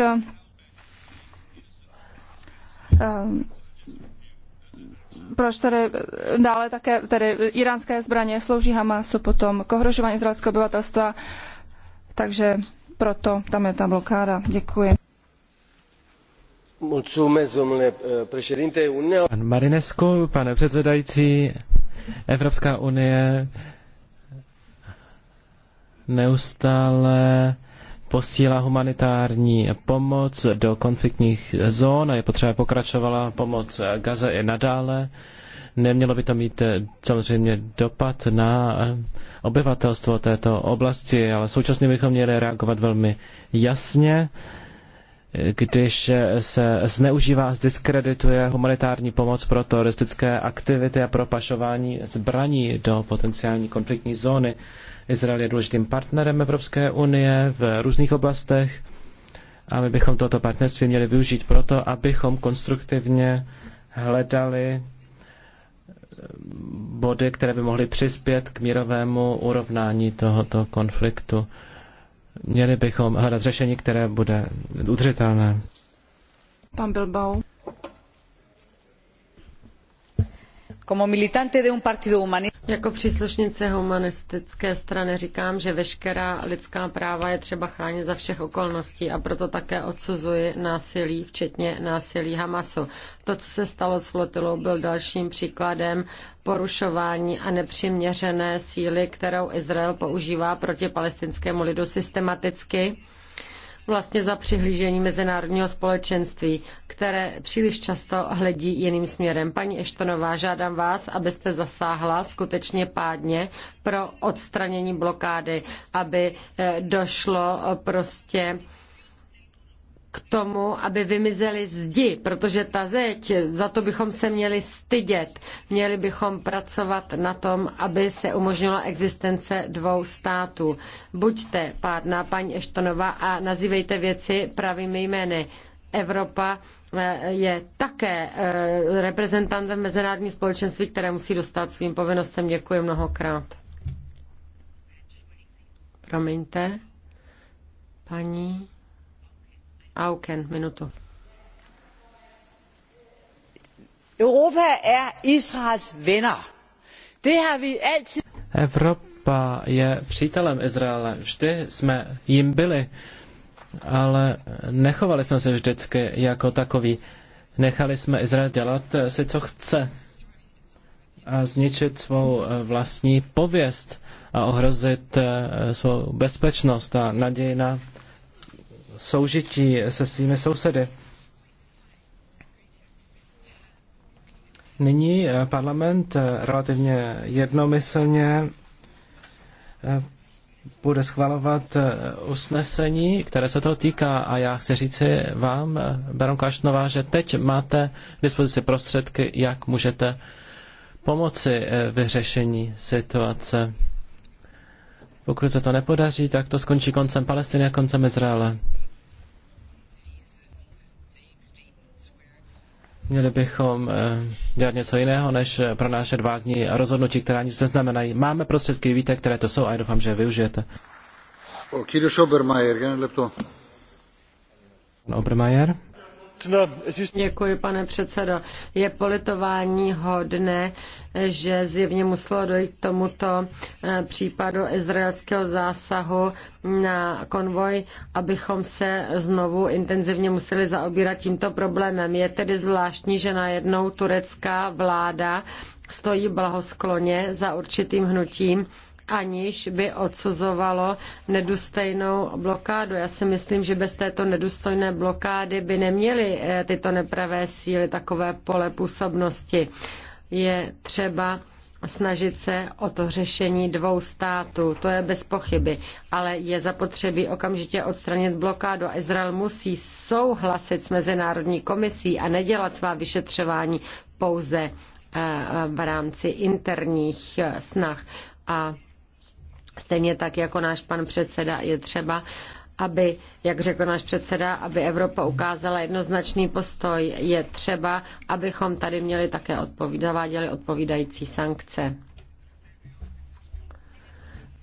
proč tedy dále také tedy iránské zbraně slouží Hamasu, potom k ohrožování izraelského obyvatelstva, takže proto tam je ta blokáda. Děkuji. Eh, Pan Marinescu, pane předsedající, Evropská unie neustále posílá humanitární pomoc do konfliktních zón a je potřeba pokračovala pomoc Gaze i nadále. Nemělo by to mít eh, samozřejmě dopad na eh, obyvatelstvo této oblasti, ale současně bychom měli reagovat velmi jasně, když eh, se zneužívá zdiskredituje humanitární pomoc pro teroristické aktivity a propašování zbraní do potenciální konfliktní zóny. Izrael je důležitým partnerem Evropské unie v různých oblastech a my bychom toto partnerství měli využít proto, abychom konstruktivně hledali eh, body, které by mohly přispět k mírovému urovnání tohoto konfliktu. Měli bychom hledat řešení, které bude udržitelné. Pan Bilbao. Jako příslušnice humanistické strany říkám, že veškerá lidská práva je třeba chránit za všech okolností a proto také odsuzuji násilí, včetně násilí Hamasu. To, co se stalo s flotilou, byl dalším příkladem porušování a nepřiměřené síly, kterou Izrael používá proti palestinskému lidu systematicky vlastně za přihlížení mezinárodního společenství, které příliš často hledí jiným směrem. Paní Eštonová, žádám vás, abyste zasáhla skutečně pádně pro odstranění blokády, aby eh, došlo eh, prostě k tomu, aby vymizely zdi, protože ta zeď, za to bychom se měli stydět. Měli bychom pracovat na tom, aby se umožnila existence dvou států. Buďte pádná paní Eštonová a nazývejte věci pravými jmény. Evropa eh, je také eh, reprezentantem mezinárodní společenství, které musí dostat svým povinnostem. Děkuji mnohokrát. Promiňte, paní. Auken, minuto. Europa er Israels venner. Det har vi altid... Evropa je přítelem Izraele. Vždy jsme jim byli, ale nechovali jsme se vždycky jako takový. Nechali jsme Izrael dělat eh, si, co chce a zničit svou eh, vlastní pověst a ohrozit eh, svou bezpečnost a naději na soužití se svými sousedy. Nyní eh, parlament eh, relativně jednomyslně eh, bude schvalovat usnesení, které se toho týká. A já chci říci vám, Baron Kaštnová, že teď máte k dispozici prostředky, jak můžete pomoci vyřešení situace. Pokud se to nepodaří, tak to skončí koncem Palestiny a koncem Izraele. Měli bychom eh, dělat něco jiného, než eh, pro naše dva dní rozhodnutí, která nic neznamenají. Máme prostředky, víte, které to jsou a já doufám, že je využijete. O, Obermajer, jen lepto. Obermajer. Děkuji, pane předsedo. Je politování hodné, že zjevně muselo dojít k tomuto eh, případu izraelského zásahu na konvoj, abychom se znovu intenzivně museli zaobírat tímto problémem. Je tedy zvláštní, že najednou turecká vláda stojí blahoskloně za určitým hnutím, aniž by odsuzovalo nedůstojnou blokádu. Já si myslím, že bez této nedůstojné blokády by neměly eh, tyto nepravé síly takové pole působnosti. Je třeba snažit se o to řešení dvou států. To je bez pochyby, ale je zapotřebí okamžitě odstranit blokádu a Izrael musí souhlasit s Mezinárodní komisí a nedělat svá vyšetřování pouze eh, v rámci interních eh, snah. A Stejně tak jako náš pan předseda je třeba, aby, jak řekl náš předseda, aby Evropa ukázala jednoznačný postoj. Je třeba, abychom tady měli také odpovíd, zaváděli odpovídající sankce.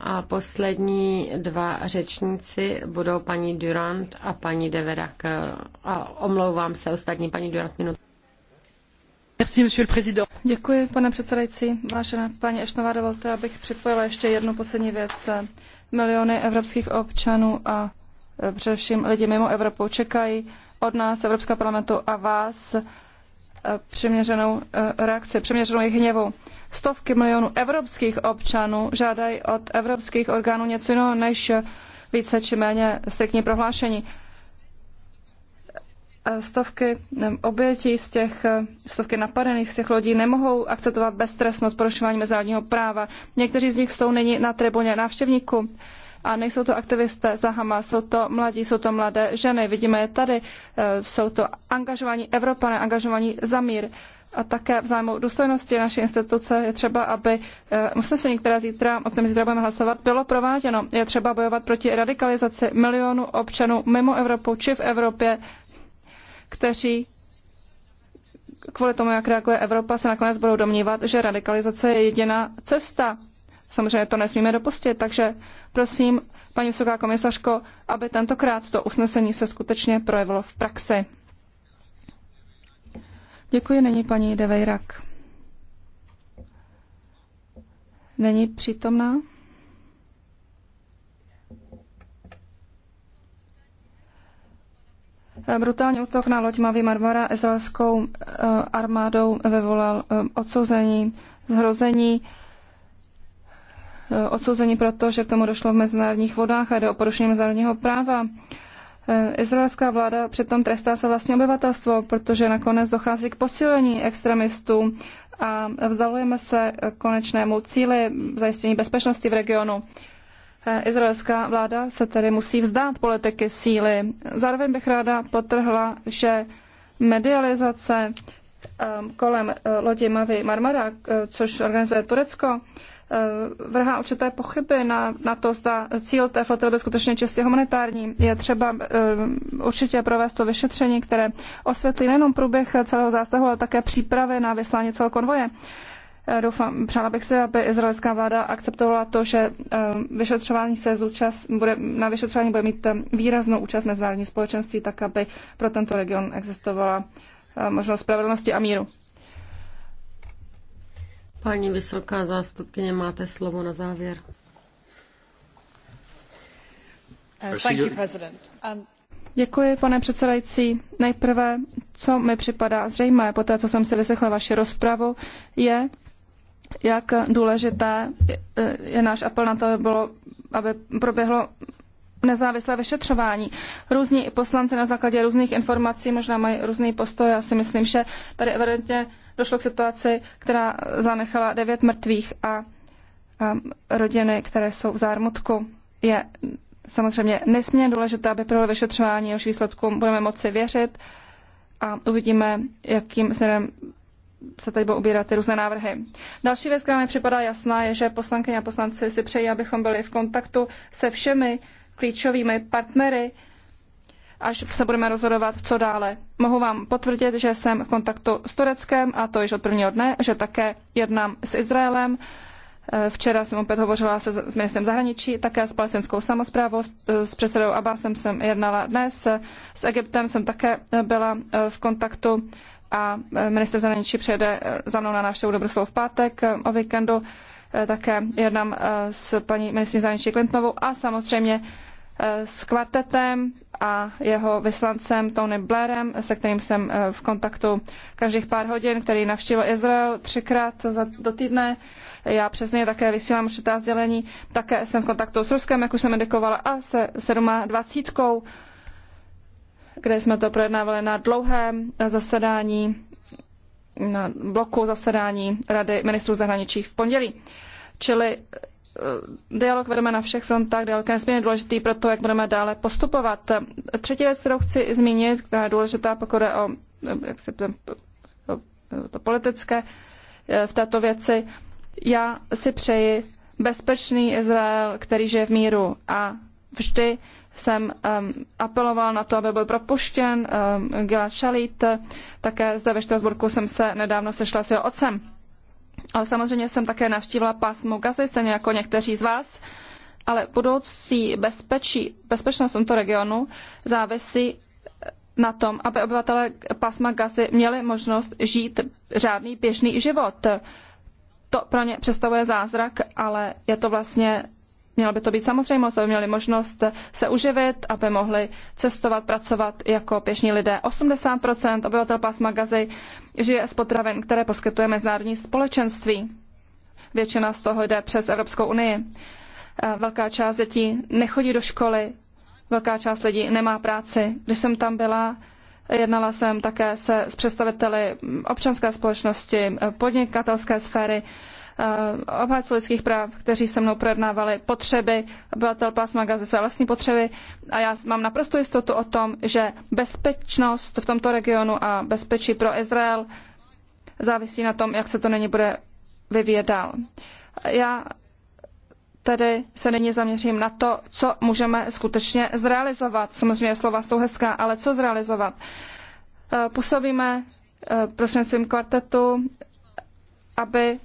A poslední dva řečníci budou paní Durant a paní Deverak. A omlouvám se ostatní paní Durant minuta. Děkuji, pane předsedající. Vážená paní ashtonová dovolte, abych připojila ještě jednu poslední věc. Miliony evropských občanů a e, především lidé mimo Evropu čekají od nás, Evropského parlamentu a vás, e, přiměřenou e, reakci, přiměřenou jejich hněvu. Stovky milionů evropských občanů žádají od evropských orgánů něco jiného než více či méně striktní prohlášení stovky obětí z těch, stovky napadených z těch lodí nemohou akceptovat beztrestnost porušování mezinárodního práva. Někteří z nich jsou nyní na tribuně návštěvníků a nejsou to aktivisté za Hama, jsou to mladí, jsou to mladé ženy, vidíme je tady, eh, jsou to angažovaní Evropané, angažovaní za mír. A také v zájmu důstojnosti naší instituce je třeba, aby eh, usnesení, které zítra, o kterém zítra budeme hlasovat, bylo prováděno. Je třeba bojovat proti radikalizaci milionů občanů mimo Evropu či v Evropě, kteří kvůli tomu, jak reaguje Evropa, se nakonec budou domnívat, že radikalizace je jediná cesta. Samozřejmě to nesmíme dopustit, takže prosím, paní vysoká komisařko, aby tentokrát to usnesení se skutečně projevilo v praxi. Děkuji, není paní Devejrak. Není přítomná? Eh, brutální útok na loď Mavi Marmara izraelskou eh, armádou vyvolal eh, odsouzení, zhrození, odsouzení proto, že k tomu došlo v mezinárodních vodách a jde o porušení mezinárodního práva. Izraelská vláda přitom trestá se vlastní obyvatelstvo, protože nakonec dochází k posílení extremistů a vzdalujeme se konečnému cíli zajištění bezpečnosti v regionu. Eh, izraelská vláda se tedy musí vzdát politiky síly. Zároveň bych ráda potrhla, že medializace ehm, kolem eh, lodi Mavi Marmara, eh, což organizuje Turecko, vrhá určité pochyby na, na to, zda cíl té flotily byl skutečně čistě humanitární. Je třeba ehm, určitě provést to vyšetření, které osvětlí nejenom průběh celého zásahu, ale také přípravy na vyslání celého konvoje. Eh, doufám, přála bych se, aby izraelská vláda akceptovala to, že eh, vyšetřování se zúčast, bude, na vyšetřování bude mít eh, výraznou účast mezinárodní společenství, tak aby pro tento region existovala možnost spravedlnosti a míru. Paní vysoká zástupkyně, máte slovo na závěr. You, um... Děkuji, pane předsedající. Nejprve, co mi připadá zřejmé, po co jsem si vyslechla vaši rozpravu, je, jak důležité je náš apel na to, aby, bylo, aby proběhlo nezávislé vyšetřování. Různí poslanci na základě různých informací možná mají různý postoj. Já si myslím, že tady evidentně došlo k situaci, která zanechala devět mrtvých a, a rodiny, které jsou v zármutku. Je samozřejmě nesmírně důležité, aby pro vyšetřování, Už výsledkům budeme moci věřit a uvidíme, jakým směrem se tady budou ubírat ty různé návrhy. Další věc, která mi připadá jasná, je, že poslankyně a poslanci si přejí, abychom byli v kontaktu se všemi klíčovými partnery, až se budeme rozhodovat, co dále. Mohu vám potvrdit, že jsem v kontaktu s Tureckem, a to již od prvního dne, že také jednám s Izraelem. Včera jsem opět hovořila se, s ministrem zahraničí, také s palestinskou samozprávou, s předsedou Abbasem jsem jednala dnes, s Egyptem jsem také byla v kontaktu a e, minister zahraničí přijede e, za mnou na návštěvu do Bruselu v pátek e, o víkendu. Také jednám s paní ministrní zahraničí Clintonovou a samozřejmě s kvartetem a jeho vyslancem Tony Blairem, se kterým jsem v kontaktu každých pár hodin, který navštívil Izrael třikrát do týdne. Já přesně také vysílám určitá sdělení. Také jsem v kontaktu s Ruskem, jak už jsem indikovala, a se dvacítkou kde jsme to projednávali na dlouhém zasedání, na bloku zasedání Rady ministrů zahraničí v pondělí. Čili eh, dialog vedeme na všech frontách, dialog je nesmírně důležitý pro to, jak budeme dále postupovat. Třetí věc, kterou chci zmínit, která je důležitá, pokud je o eh, jak se to, eh, to politické v této věci, já si přeji bezpečný Izrael, který žije v míru a vždy jsem apeloval na to, aby byl propuštěn um, Gilad Šalit. Také zde ve Štrasburku jsem se nedávno sešla s jeho otcem. Ale samozřejmě jsem také navštívila pásmo Gazy, stejně jako někteří z vás. Ale budoucí bezpečí, bezpečnost tomto regionu závisí eh, na tom, aby obyvatelé pásma Gazy měli možnost žít řádný běžný život. To pro ně představuje zázrak, ale je to vlastně Mělo by to být samozřejmost, aby měli možnost se uživit, aby mohli cestovat, pracovat jako pěšní lidé. 80 obyvatel pásma Gazy žije z potravin, které poskytuje mezinárodní společenství. Většina z toho jde přes Evropskou unii. Eh, velká část dětí nechodí do školy, velká část lidí nemá práci. Když jsem tam byla, jednala jsem také se s představiteli občanské společnosti, eh, podnikatelské sféry Eh, obhájců lidských práv, kteří se mnou projednávali potřeby obyvatel pásma Gazy, své vlastní potřeby. A já mám naprosto jistotu o tom, že bezpečnost v tomto regionu a bezpečí pro Izrael závisí na tom, jak se to nyní bude vyvíjet dál. Já tedy se nyní zaměřím na to, co můžeme skutečně zrealizovat. Samozřejmě slova jsou hezká, ale co zrealizovat? Eh, působíme eh, prostřednictvím kvartetu, aby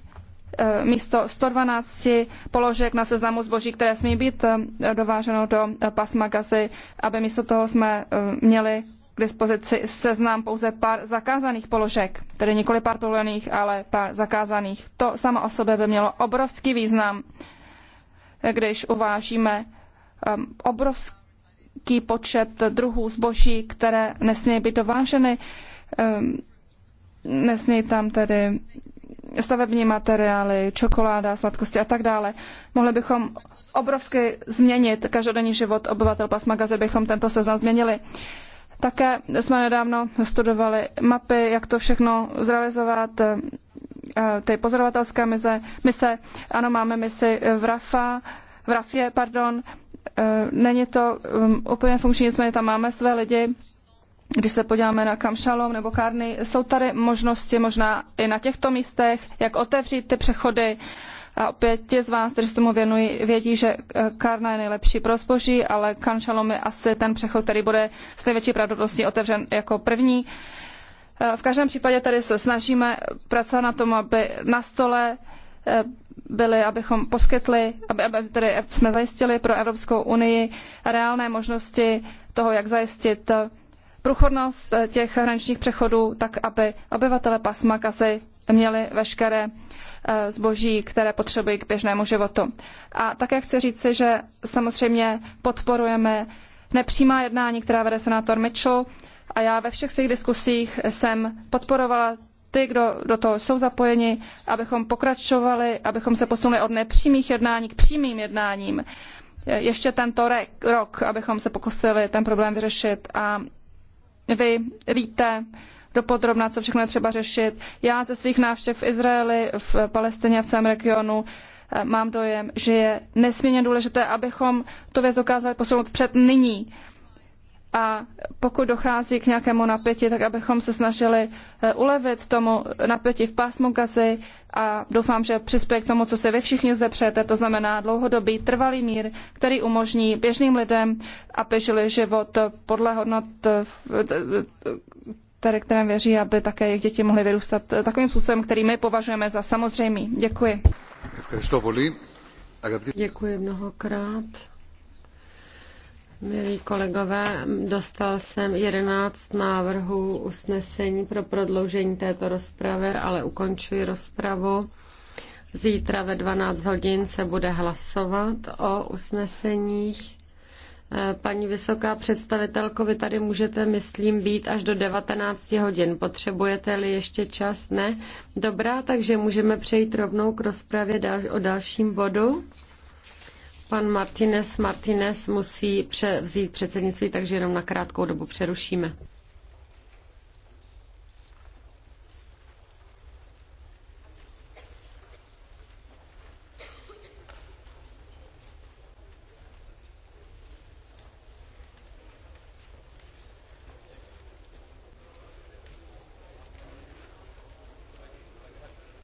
Eh, místo 112 položek na seznamu zboží, které smí být eh, dováženo do eh, pasma gazy, aby místo toho jsme měli k dispozici seznam pouze pár zakázaných položek, tedy nikoli pár povolených, ale pár zakázaných. To samo o sobě by mělo obrovský význam, když uvážíme ehm, obrovský počet druhů zboží, které nesmí být dováženy ehm, nesmí tam tedy stavební materiály, čokoláda, sladkosti a tak dále. Mohli bychom obrovsky změnit každodenní život obyvatel pasma Gazy, bychom tento seznam změnili. Také jsme nedávno studovali mapy, jak to všechno zrealizovat, eh, ty pozorovatelské mise, mise. Ano, máme misi v Rafa, v Rafě, pardon. Eh, není to mm, úplně funkční, nicméně tam máme své lidi když se podíváme na Kamšalom nebo Kárny, jsou tady možnosti možná i na těchto místech, jak otevřít ty přechody. A opět ti z vás, kteří se tomu věnují, vědí, že eh, Karna je nejlepší pro zboží, ale Kamšalom je asi ten přechod, který bude s největší pravděpodobností otevřen jako první. Eh, v každém případě tady se snažíme pracovat na tom, aby na stole eh, byli, abychom poskytli, aby, aby tedy jsme zajistili pro Evropskou unii reálné možnosti toho, jak zajistit průchodnost eh, těch hraničních přechodů, tak aby obyvatele pasma Gazy měli veškeré eh, zboží, které potřebují k běžnému životu. A také chci říci, že samozřejmě podporujeme nepřímá jednání, která vede senátor Mitchell a já ve všech svých diskusích jsem podporovala ty, kdo do toho jsou zapojeni, abychom pokračovali, abychom se posunuli od nepřímých jednání k přímým jednáním eh, ještě tento rok, abychom se pokusili ten problém vyřešit a vy víte dopodrobna, co všechno je třeba řešit. Já ze svých návštěv v Izraeli, v Palestině, v celém regionu eh, mám dojem, že je nesmírně důležité, abychom to věc dokázali posunout před nyní a pokud dochází k nějakému napětí, tak abychom se snažili eh, ulevit tomu napětí v pásmu gazy a doufám, že přispěje k tomu, co se vy všichni zde přejete, to znamená dlouhodobý trvalý mír, který umožní běžným lidem, aby žili život podle hodnot, eh, které, kterém věří, aby také jejich děti mohly vyrůstat eh, takovým způsobem, který my považujeme za samozřejmý. Děkuji. Děkuji mnohokrát. Milí kolegové, dostal jsem 11 návrhů usnesení pro prodloužení této rozpravy, ale ukončuji rozpravu. Zítra ve 12 hodin se bude hlasovat o usneseních. Eh, paní vysoká představitelko, vy tady můžete, myslím, být až do 19 hodin. Potřebujete-li ještě čas? Ne? Dobrá, takže můžeme přejít rovnou k rozpravě o dalším bodu. Pan Martinez Martinez musí převzít předsednictví, takže jenom na krátkou dobu přerušíme.